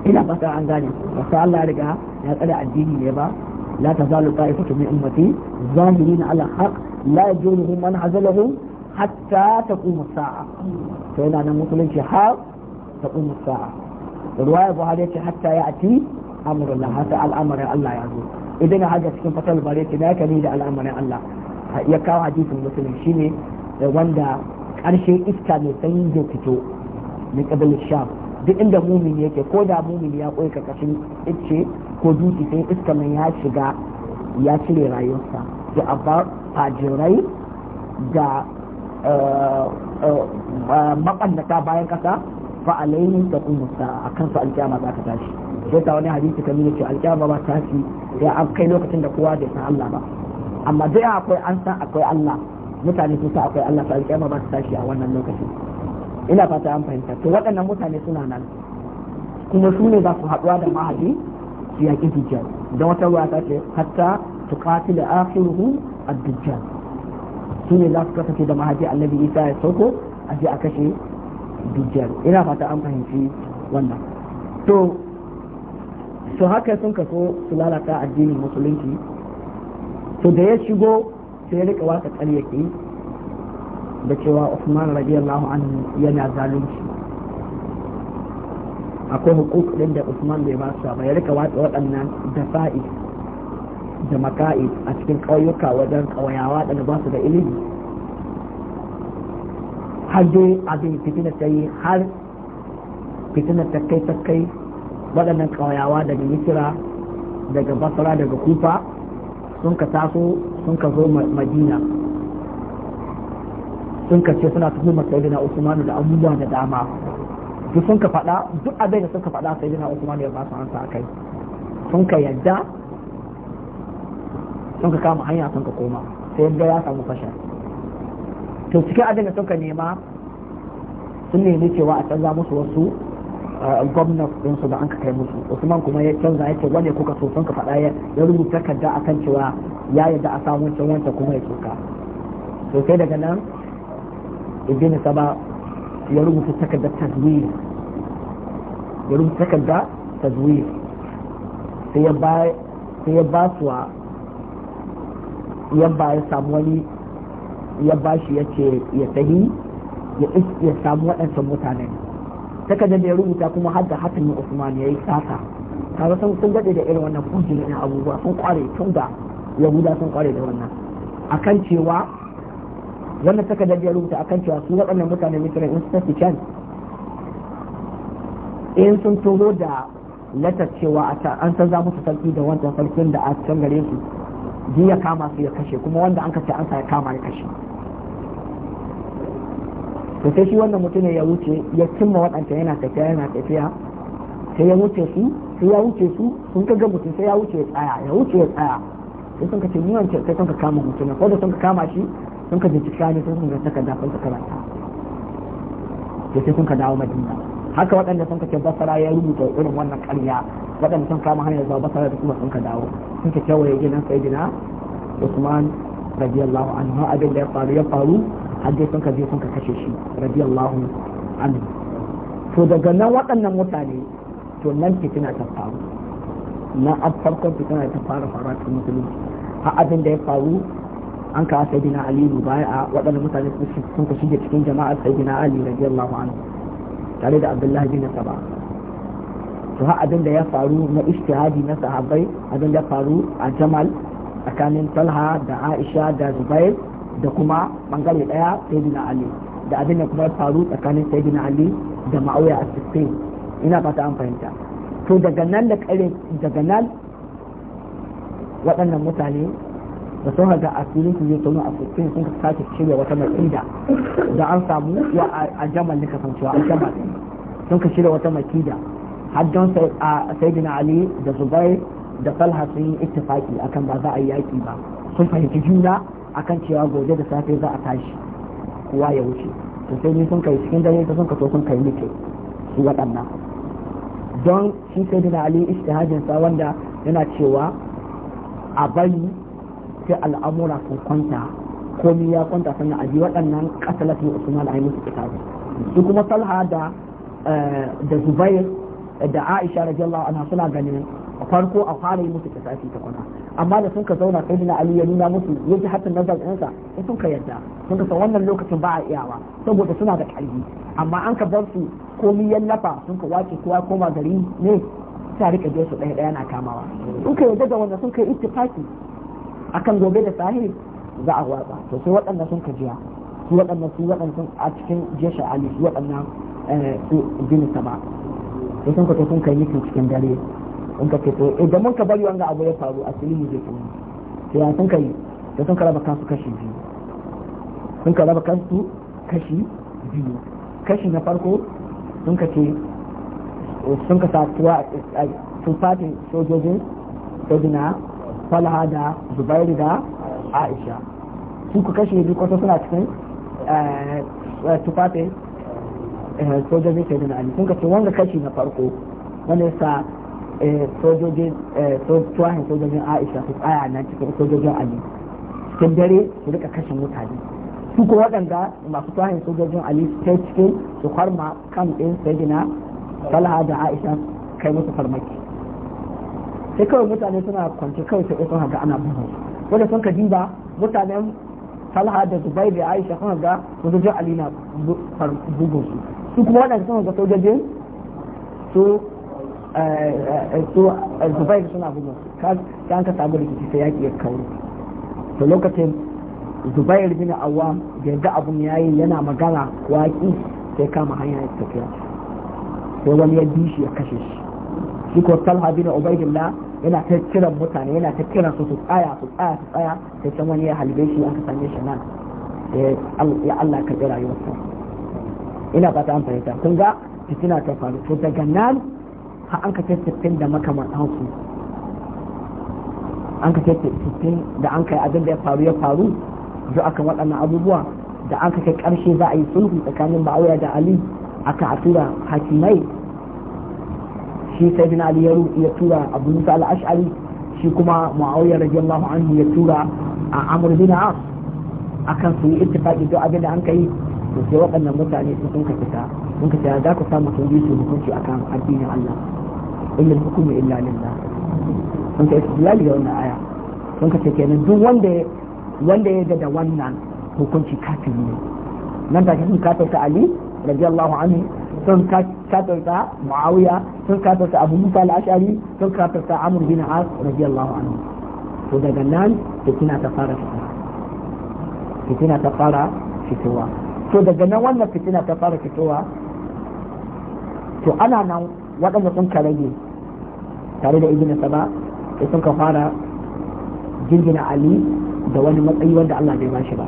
ina fata an gane ba sai Allah riga ya tsare addini ne ba la tazalu ta'ifatu min ummati zahirina ala haqq la yajuruhum man hazalahum hatta taqum as-sa'a to yana nan musulunci har taqum as-sa'a ruwaya buhari ce hatta ya'ti amrullah hatta al'amarin Allah ya zo idan haka cikin fatal bare ki da ni da al'amarin Allah ya kawo hadisin muslim shine wanda karshen iska mai sanyin zai fito min kabil sham duk inda mumin yake ko da mumin ya koyi kakashin ice ko dutse sai iska mai ya shiga ya cire rayuwarsa da abba fajirai da eh, eh, maɓannata bayan ƙasa fa alayhim taqumu sa'a akan su za ka tashi yasa wani hadisi ta nuna cewa alƙiyama ba ta fi ya an kai lokacin da kowa bai san Allah ba amma dai akwai an san akwai Allah mutane sun san akwai Allah ta alƙiyama ba ta tashi a wannan lokacin ina fata an fahimta to waɗannan mutane suna nan kuma su ne za su haɗuwa da mahadi su yaƙi dujjal don wata ruwa ta ce hatta da afirhu a dujjal su ne za su kasance da mahadi annabi Isa ya sauko a je a kashe dujjal ina fata an fahimci wannan to to haka sun kaso su lalata addinin musulunci to da ya shigo sai ya rika waka tsaryake da cewa Usman radiyallahu anhu yana zalunci akwai hukukin da Usman bai ba su ba ya rika watsa waɗannan dafa'i da maka'i a cikin ƙauyuka wajen ƙawayawa da ba su da ilimi har dai abin fitina ta yi har fitina ta kai ta kai waɗannan ƙauyawa daga misira daga basra daga kufa sun ka taso sun ka zo madina sun ka ce suna tuhumar na usman da abubuwa da dama duk sun ka faɗa duk abin da sun ka faɗa na usman ya ba su ansa akai sun ka yadda sun ka kama hanya sun ka koma sai yadda ya samu fasha to cikin abin da sun ka nema sun nemi cewa a canza musu wasu gwamna su da an ka kai musu usman kuma ya canza ya ce wane kuka so sun ka faɗa ya rubuta takarda akan cewa ya yadda a samu wancan wancan kuma ya soka to sai daga nan ibn saba ya rubuta takarda tazwir ya rubuta takarda tazwir sai ya ba sai ya ba su ya ba ya samu wani ya ba shi ya ce ya tahi ya samu waɗancan mutanen saka da ya rubuta kuma har da hatin na Usman ya yi tsaka kaga sun sun dade da irin wannan kujin na abubuwa sun kware tun da Yahuda sun kware da wannan akan cewa wannan saka da ya rubuta akan cewa su waɗannan mutane mutane in sun tafi can in sun taho da latar cewa an san mu musu sarki da wancan sarkin da a can gare su ji ya kama su ya kashe kuma wanda an kace an sa ya kama ya kashe to sai shi wannan mutum ya wuce ya cimma waɗanta yana tafiya yana tafiya sai ya wuce su sai ya wuce su sun ka ga mutum sai ya wuce ya tsaya ya wuce ya tsaya sai sun ka ce ni wance sai sun ka kama mutum ko da sun ka kama shi sun ka bincika ne sun ka takarda dafa ka karanta to sai sun ka dawo madina haka waɗanda sun ka ce basara ya rubuta irin wannan ƙarya waɗanda sun kama hanyar zuwa basara da kuma sun ka dawo sun ka kewaye gidan sai gina Usman radiyallahu anhu abin da ya faru ya faru har dai sun ka je sun ka kashe shi radiyallahu anhu to daga nan waɗannan mutane to nan fitina ta faru na a farkon tana ta fara faruwa cikin musulunci har abin da ya faru an ka kawo sayyidina ali baya a waɗannan mutane sun ka shige cikin jama'a jama'ar sayyidina ali radiyallahu anhu tare da abdullahi bin saba to har abin da ya faru na ijtihadi na sahabbai abin da ya faru a jamal tsakanin talha da aisha da zubair da kuma bangare daya sayyidina ali da abin da kuma faru tsakanin sayyidina ali da ma'auya a sistem ina fata an fahimta to daga nan da kare daga nan waɗannan mutane da sun haga a filin su zai tono a sistem sun sake shirya wata makida da an samu wa a jamal ne kasancewa a jamal sun ka shirya wata makida har don sayyidina ali da zubair da falha sun yi ittifaki akan ba za a yi yaki ba sun fahimci juna akan cewa gobe da safe za a tashi kowa ya wuce to sai ni sun kai cikin dare ta sun ka to sun kai muke su waɗannan don shi sai da ali istihajin sa wanda yana cewa a bari sai al'amura sun kwanta komi ya kwanta sannan a ji waɗannan kasalatu usman a yi musu kitabu su kuma talha da eh, da zubair da aisha radiyallahu anha suna ganin farko a fara yi musu tafi ta kwana amma da sun ka zauna sai na ali ya nuna musu ya ji hatin nazar ɗinsa in sun ka yadda sun ka san wannan lokacin ba a iyawa saboda suna da ƙarfi amma an ka bar su komi yallafa sun ka wace kowa koma gari ne ta rika je su ɗaya ɗaya na kamawa sun ka yadda da wanda sun ka yi ittifaki akan gobe da sahi za a watsa to sai waɗannan sun ka jiya su waɗannan su waɗannan a cikin jesha ali su waɗannan eh, su bin sama sai sun ka to sun ka yi cikin dare in ka ce to idan mun ka bari wanga abu ya faru a cikin zai kuma sai ya sun kai da sun karaba kansu kashi biyu sun karaba kansu kashi biyu kashi na farko sun ka ce eh, sun ka satuwa a eh, eh, fati sojojin sojina falaha da zubairu da aisha su ku kashi biyu kwata suna cikin tufafin sojojin sojina ali sun ka ce wanga kashi na farko wanda ya sa Eh, sojojin eh, sojojin aisha su tsaya nan cikin sojojin ali cikin dare su rika kashe mutane su ko waɗanda masu tsohon sojojin ali su kai cikin su kwarma kan ɗin sayidina talha da aisha kai musu farmaki sai kawai mutane suna kwance kawai sai sun haga ana bugu wanda sun ka diba mutanen talha da zubai da aisha sun ga sojojin ali na bugun su su kuma waɗanda sun haka sojojin su Eh, eh, su zubair eh, suna bugun su an samu rikici yaƙi ya kauri to lokacin zubair bin awam da ga abun yayi yana magana waƙi sai kama hanya ya tafiya sai wani ya bi shi ya kashe shi shi ko talha bin yana ta kiran mutane yana ta kiran su su tsaya su tsaya su tsaya sai can wani ya halbe shi aka same shi nan ya Allah ka jira yau ina ba ta amfani ta kun ga fitina ta faru to daga nan har an ka ce 60 da su an ka ce da an kai abin da ya faru ya faru zuwa akan waɗannan abubuwa da an ka kai ƙarshe za a yi sulhu tsakanin ma'aura da ali aka a tura hakimai shi sai bin ali ya tura abu musa al'ash'ari shi kuma muawiya radiyallahu anhu ya tura a amur bin as akan su yi ittifaqi duk abin da an kai to sai waɗannan mutane sun ka fita sun ka fita za ku samu sun yi su hukunci akan addinin Allah inda hukumu illa lillah sun ka istidlali da wannan aya sun ka ce kenan duk wanda wanda ya da wannan hukunci kafin ne nan da sun kafirta ali radiyallahu anhu sun kafirta muawiya sun kafirta abu musa al-ashari sun kafirta amr bin as radiyallahu anhu to daga nan fitina ta fara fitowa fitina ta fara fitowa to daga nan wannan fitina ta fara fitowa to ana nan waɗanda sun ka rage tare da ibn saba sai sun ka fara jirgina ali da wani matsayi wanda Allah bai bashi ba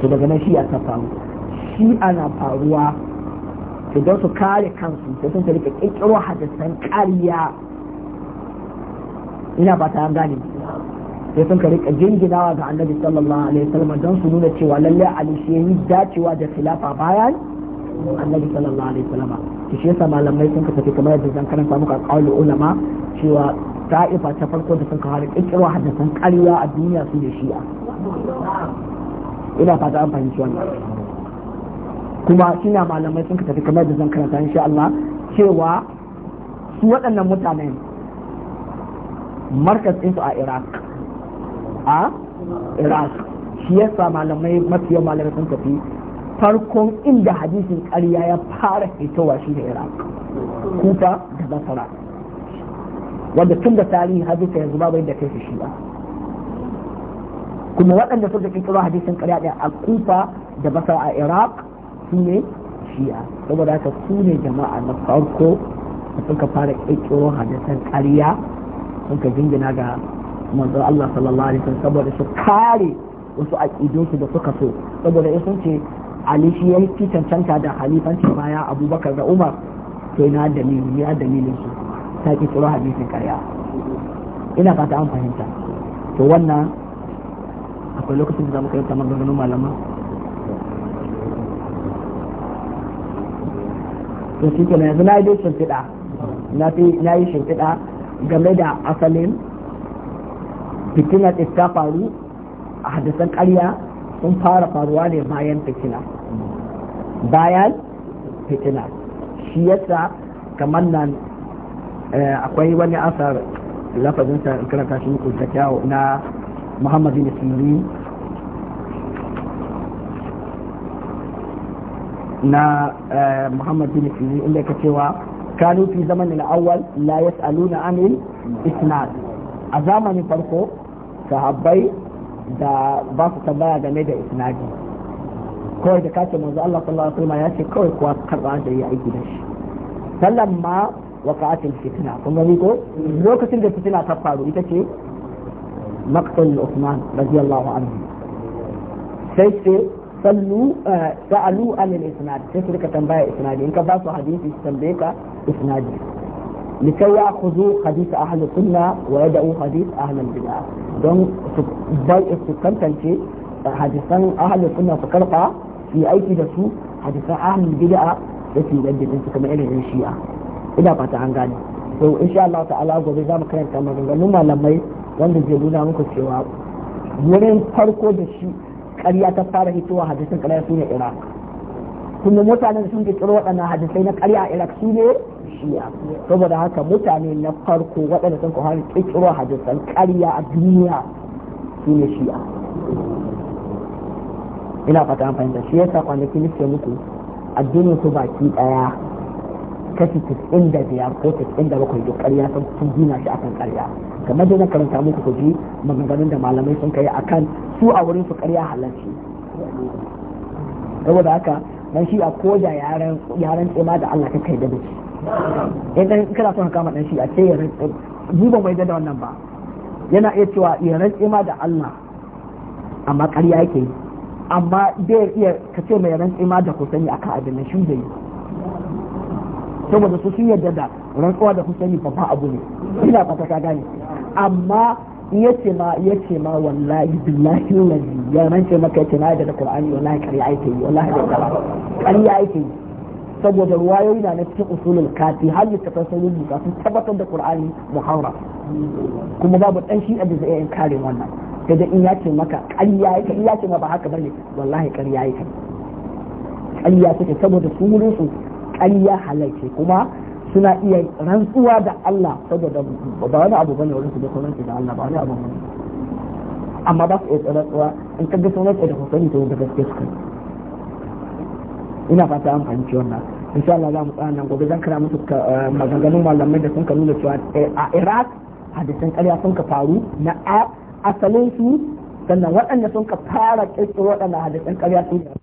to daga nan shi a ta faru Shi ana faruwa to don su kare kansu sai sun rike kirkiro hadisan kariya ina ba ta gane sai sun ka rika jinginawa ga annabi sallallahu alaihi wasallam don su nuna cewa lalle ali shi yi dacewa da filafa bayan annabi sallallahu alaihi wasallam to shi yasa malamai sun tafi kamar yadda zan karanta muka qaulu ulama cewa ta'ifa ta farko da sun kawo kirkiro hadisan ƙarya a duniya su da shi'a ina fata an fahimci wannan kuma shine malamai sun tafi kamar yadda zan karanta insha Allah cewa su waɗannan mutanen markas ɗinsu a Iraq a Iraq shi yasa malamai mafiyan malamai sun tafi farkon inda hadisin ƙarya ya fara fitowa shi da iraq kufa da basara wanda tun da tarihi hadisa yanzu bai da kai shi ba kuma waɗanda suka kirkiro hadisin ƙarya ɗaya a kufa da basara a iraq su ne shi'a saboda haka su ne jama'a na farko da suka fara kirkiro hadisan ƙarya suka jingina ga manzon Allah sallallahu alaihi wasallam saboda su kare wasu aƙidunsu da suka so saboda ya sun ce ali shi ya fi cancanta da halifanci baya abubakar da umar to na dalili ya dalilin su ta ki tsoro hadisin karya ina fata an fahimta to wannan akwai lokacin da za mu kai kamar ganin malaman to shi kenan yanzu na yi dai shimfiɗa na yi shimfiɗa game da asalin fitinar ta faru a hadisan ƙarya sun fara faruwa ne bayan fitina bayan fitina shi yasa kamar nan eh, akwai wani asar lafazinsa in karanta shi muku da na muhammadu bin na muhammad bin eh, inda ka cewa kanu fi zaman al'awwal la yas'aluna anil isnad a zamanin farko sahabbai da ba su tambaya game da isnadi kawai da kace manzo Allah sallallahu alaihi wasallam ya ce kawai kuwa karba da yi aiki da shi falamma waqa'atil fitna kun gani ko lokacin da fitina ta faru ita ce maqtal Uthman radiyallahu anhu sai ce sallu eh, sa'alu an al-isnad sai su rika tambaya isnadi in ka ba su hadisi su tambaye ka isnadi لكي يأخذوا حديث أهل السنة ويدعوا حديث أهل البدعة دون سكان تنشي hadisan ahalin suna su karba su yi aiki da su hadisan ahalin bid'a da su yi gaddadin su kamar irin shi'a ina fata an gane to insha Allah ta'ala gobe za mu karanta maganganun malamai wanda zai nuna muku cewa wurin farko da shi ƙarya ta fara hitowa hadisin ƙarya su ne iraq kuma mutanen sun kirkiro waɗannan hadisai na ƙarya a iraq su ne shi'a saboda haka mutane na farko waɗanda sun kawai kirkiro hadisan ƙarya a duniya su ne shi'a ina fata an fahimta shi yasa kwanaki nake muku addinin su baki daya kashi da biyar ko bakwai duk ƙarya sun sun gina shi akan ƙarya kamar dai na karanta muku ku ji maganganun da malamai sun kai akan su a wurin su ƙarya halarci saboda haka dan shi a koda yaran yaran tsima da Allah ka kai da shi idan eh, kana son kama dan shi a ce yaran ni ba mai da wannan ba yana iya cewa yaran tsima da Allah amma ƙarya yake yi amma bai iya ka ce mai ran ima da kusani akan abin nan shi bai saboda su sun yarda da rantsuwa da kusani babba abu ne ina fata ka gane amma ya ce ma ya ce ma wallahi billahi lazi ya rance maka ya ce na da qur'ani wallahi ƙarya ake yi wallahi da yi saboda ruwayoyi na cikin usulul kafi har da tafsirin buka sun tabbatar da qur'ani muhawara kuma babu dan shi da zai yin kare wannan sai dai in ya ce maka ƙarya yake in ya ce ma ba haka bane wallahi ƙarya yake ƙarya take saboda su wurin su ƙarya halalce kuma suna iya rantsuwa da Allah saboda ba wani abu bane wurin su da sauransu da Allah ba wani abu bane amma ba su iya rantsuwa in ka ga sauransu da hukumi to da gaske suka ina fata an fahimci wannan insha Allah za mu tsaya nan gobe zan kira musu eh, maganganun malamai da sun ka nuna cewa eh, a Iraq hadisan ƙarya sun ka faru na asalin su sannan waɗanda sun ka fara ƙirƙiro waɗanda hadisan ƙarya sun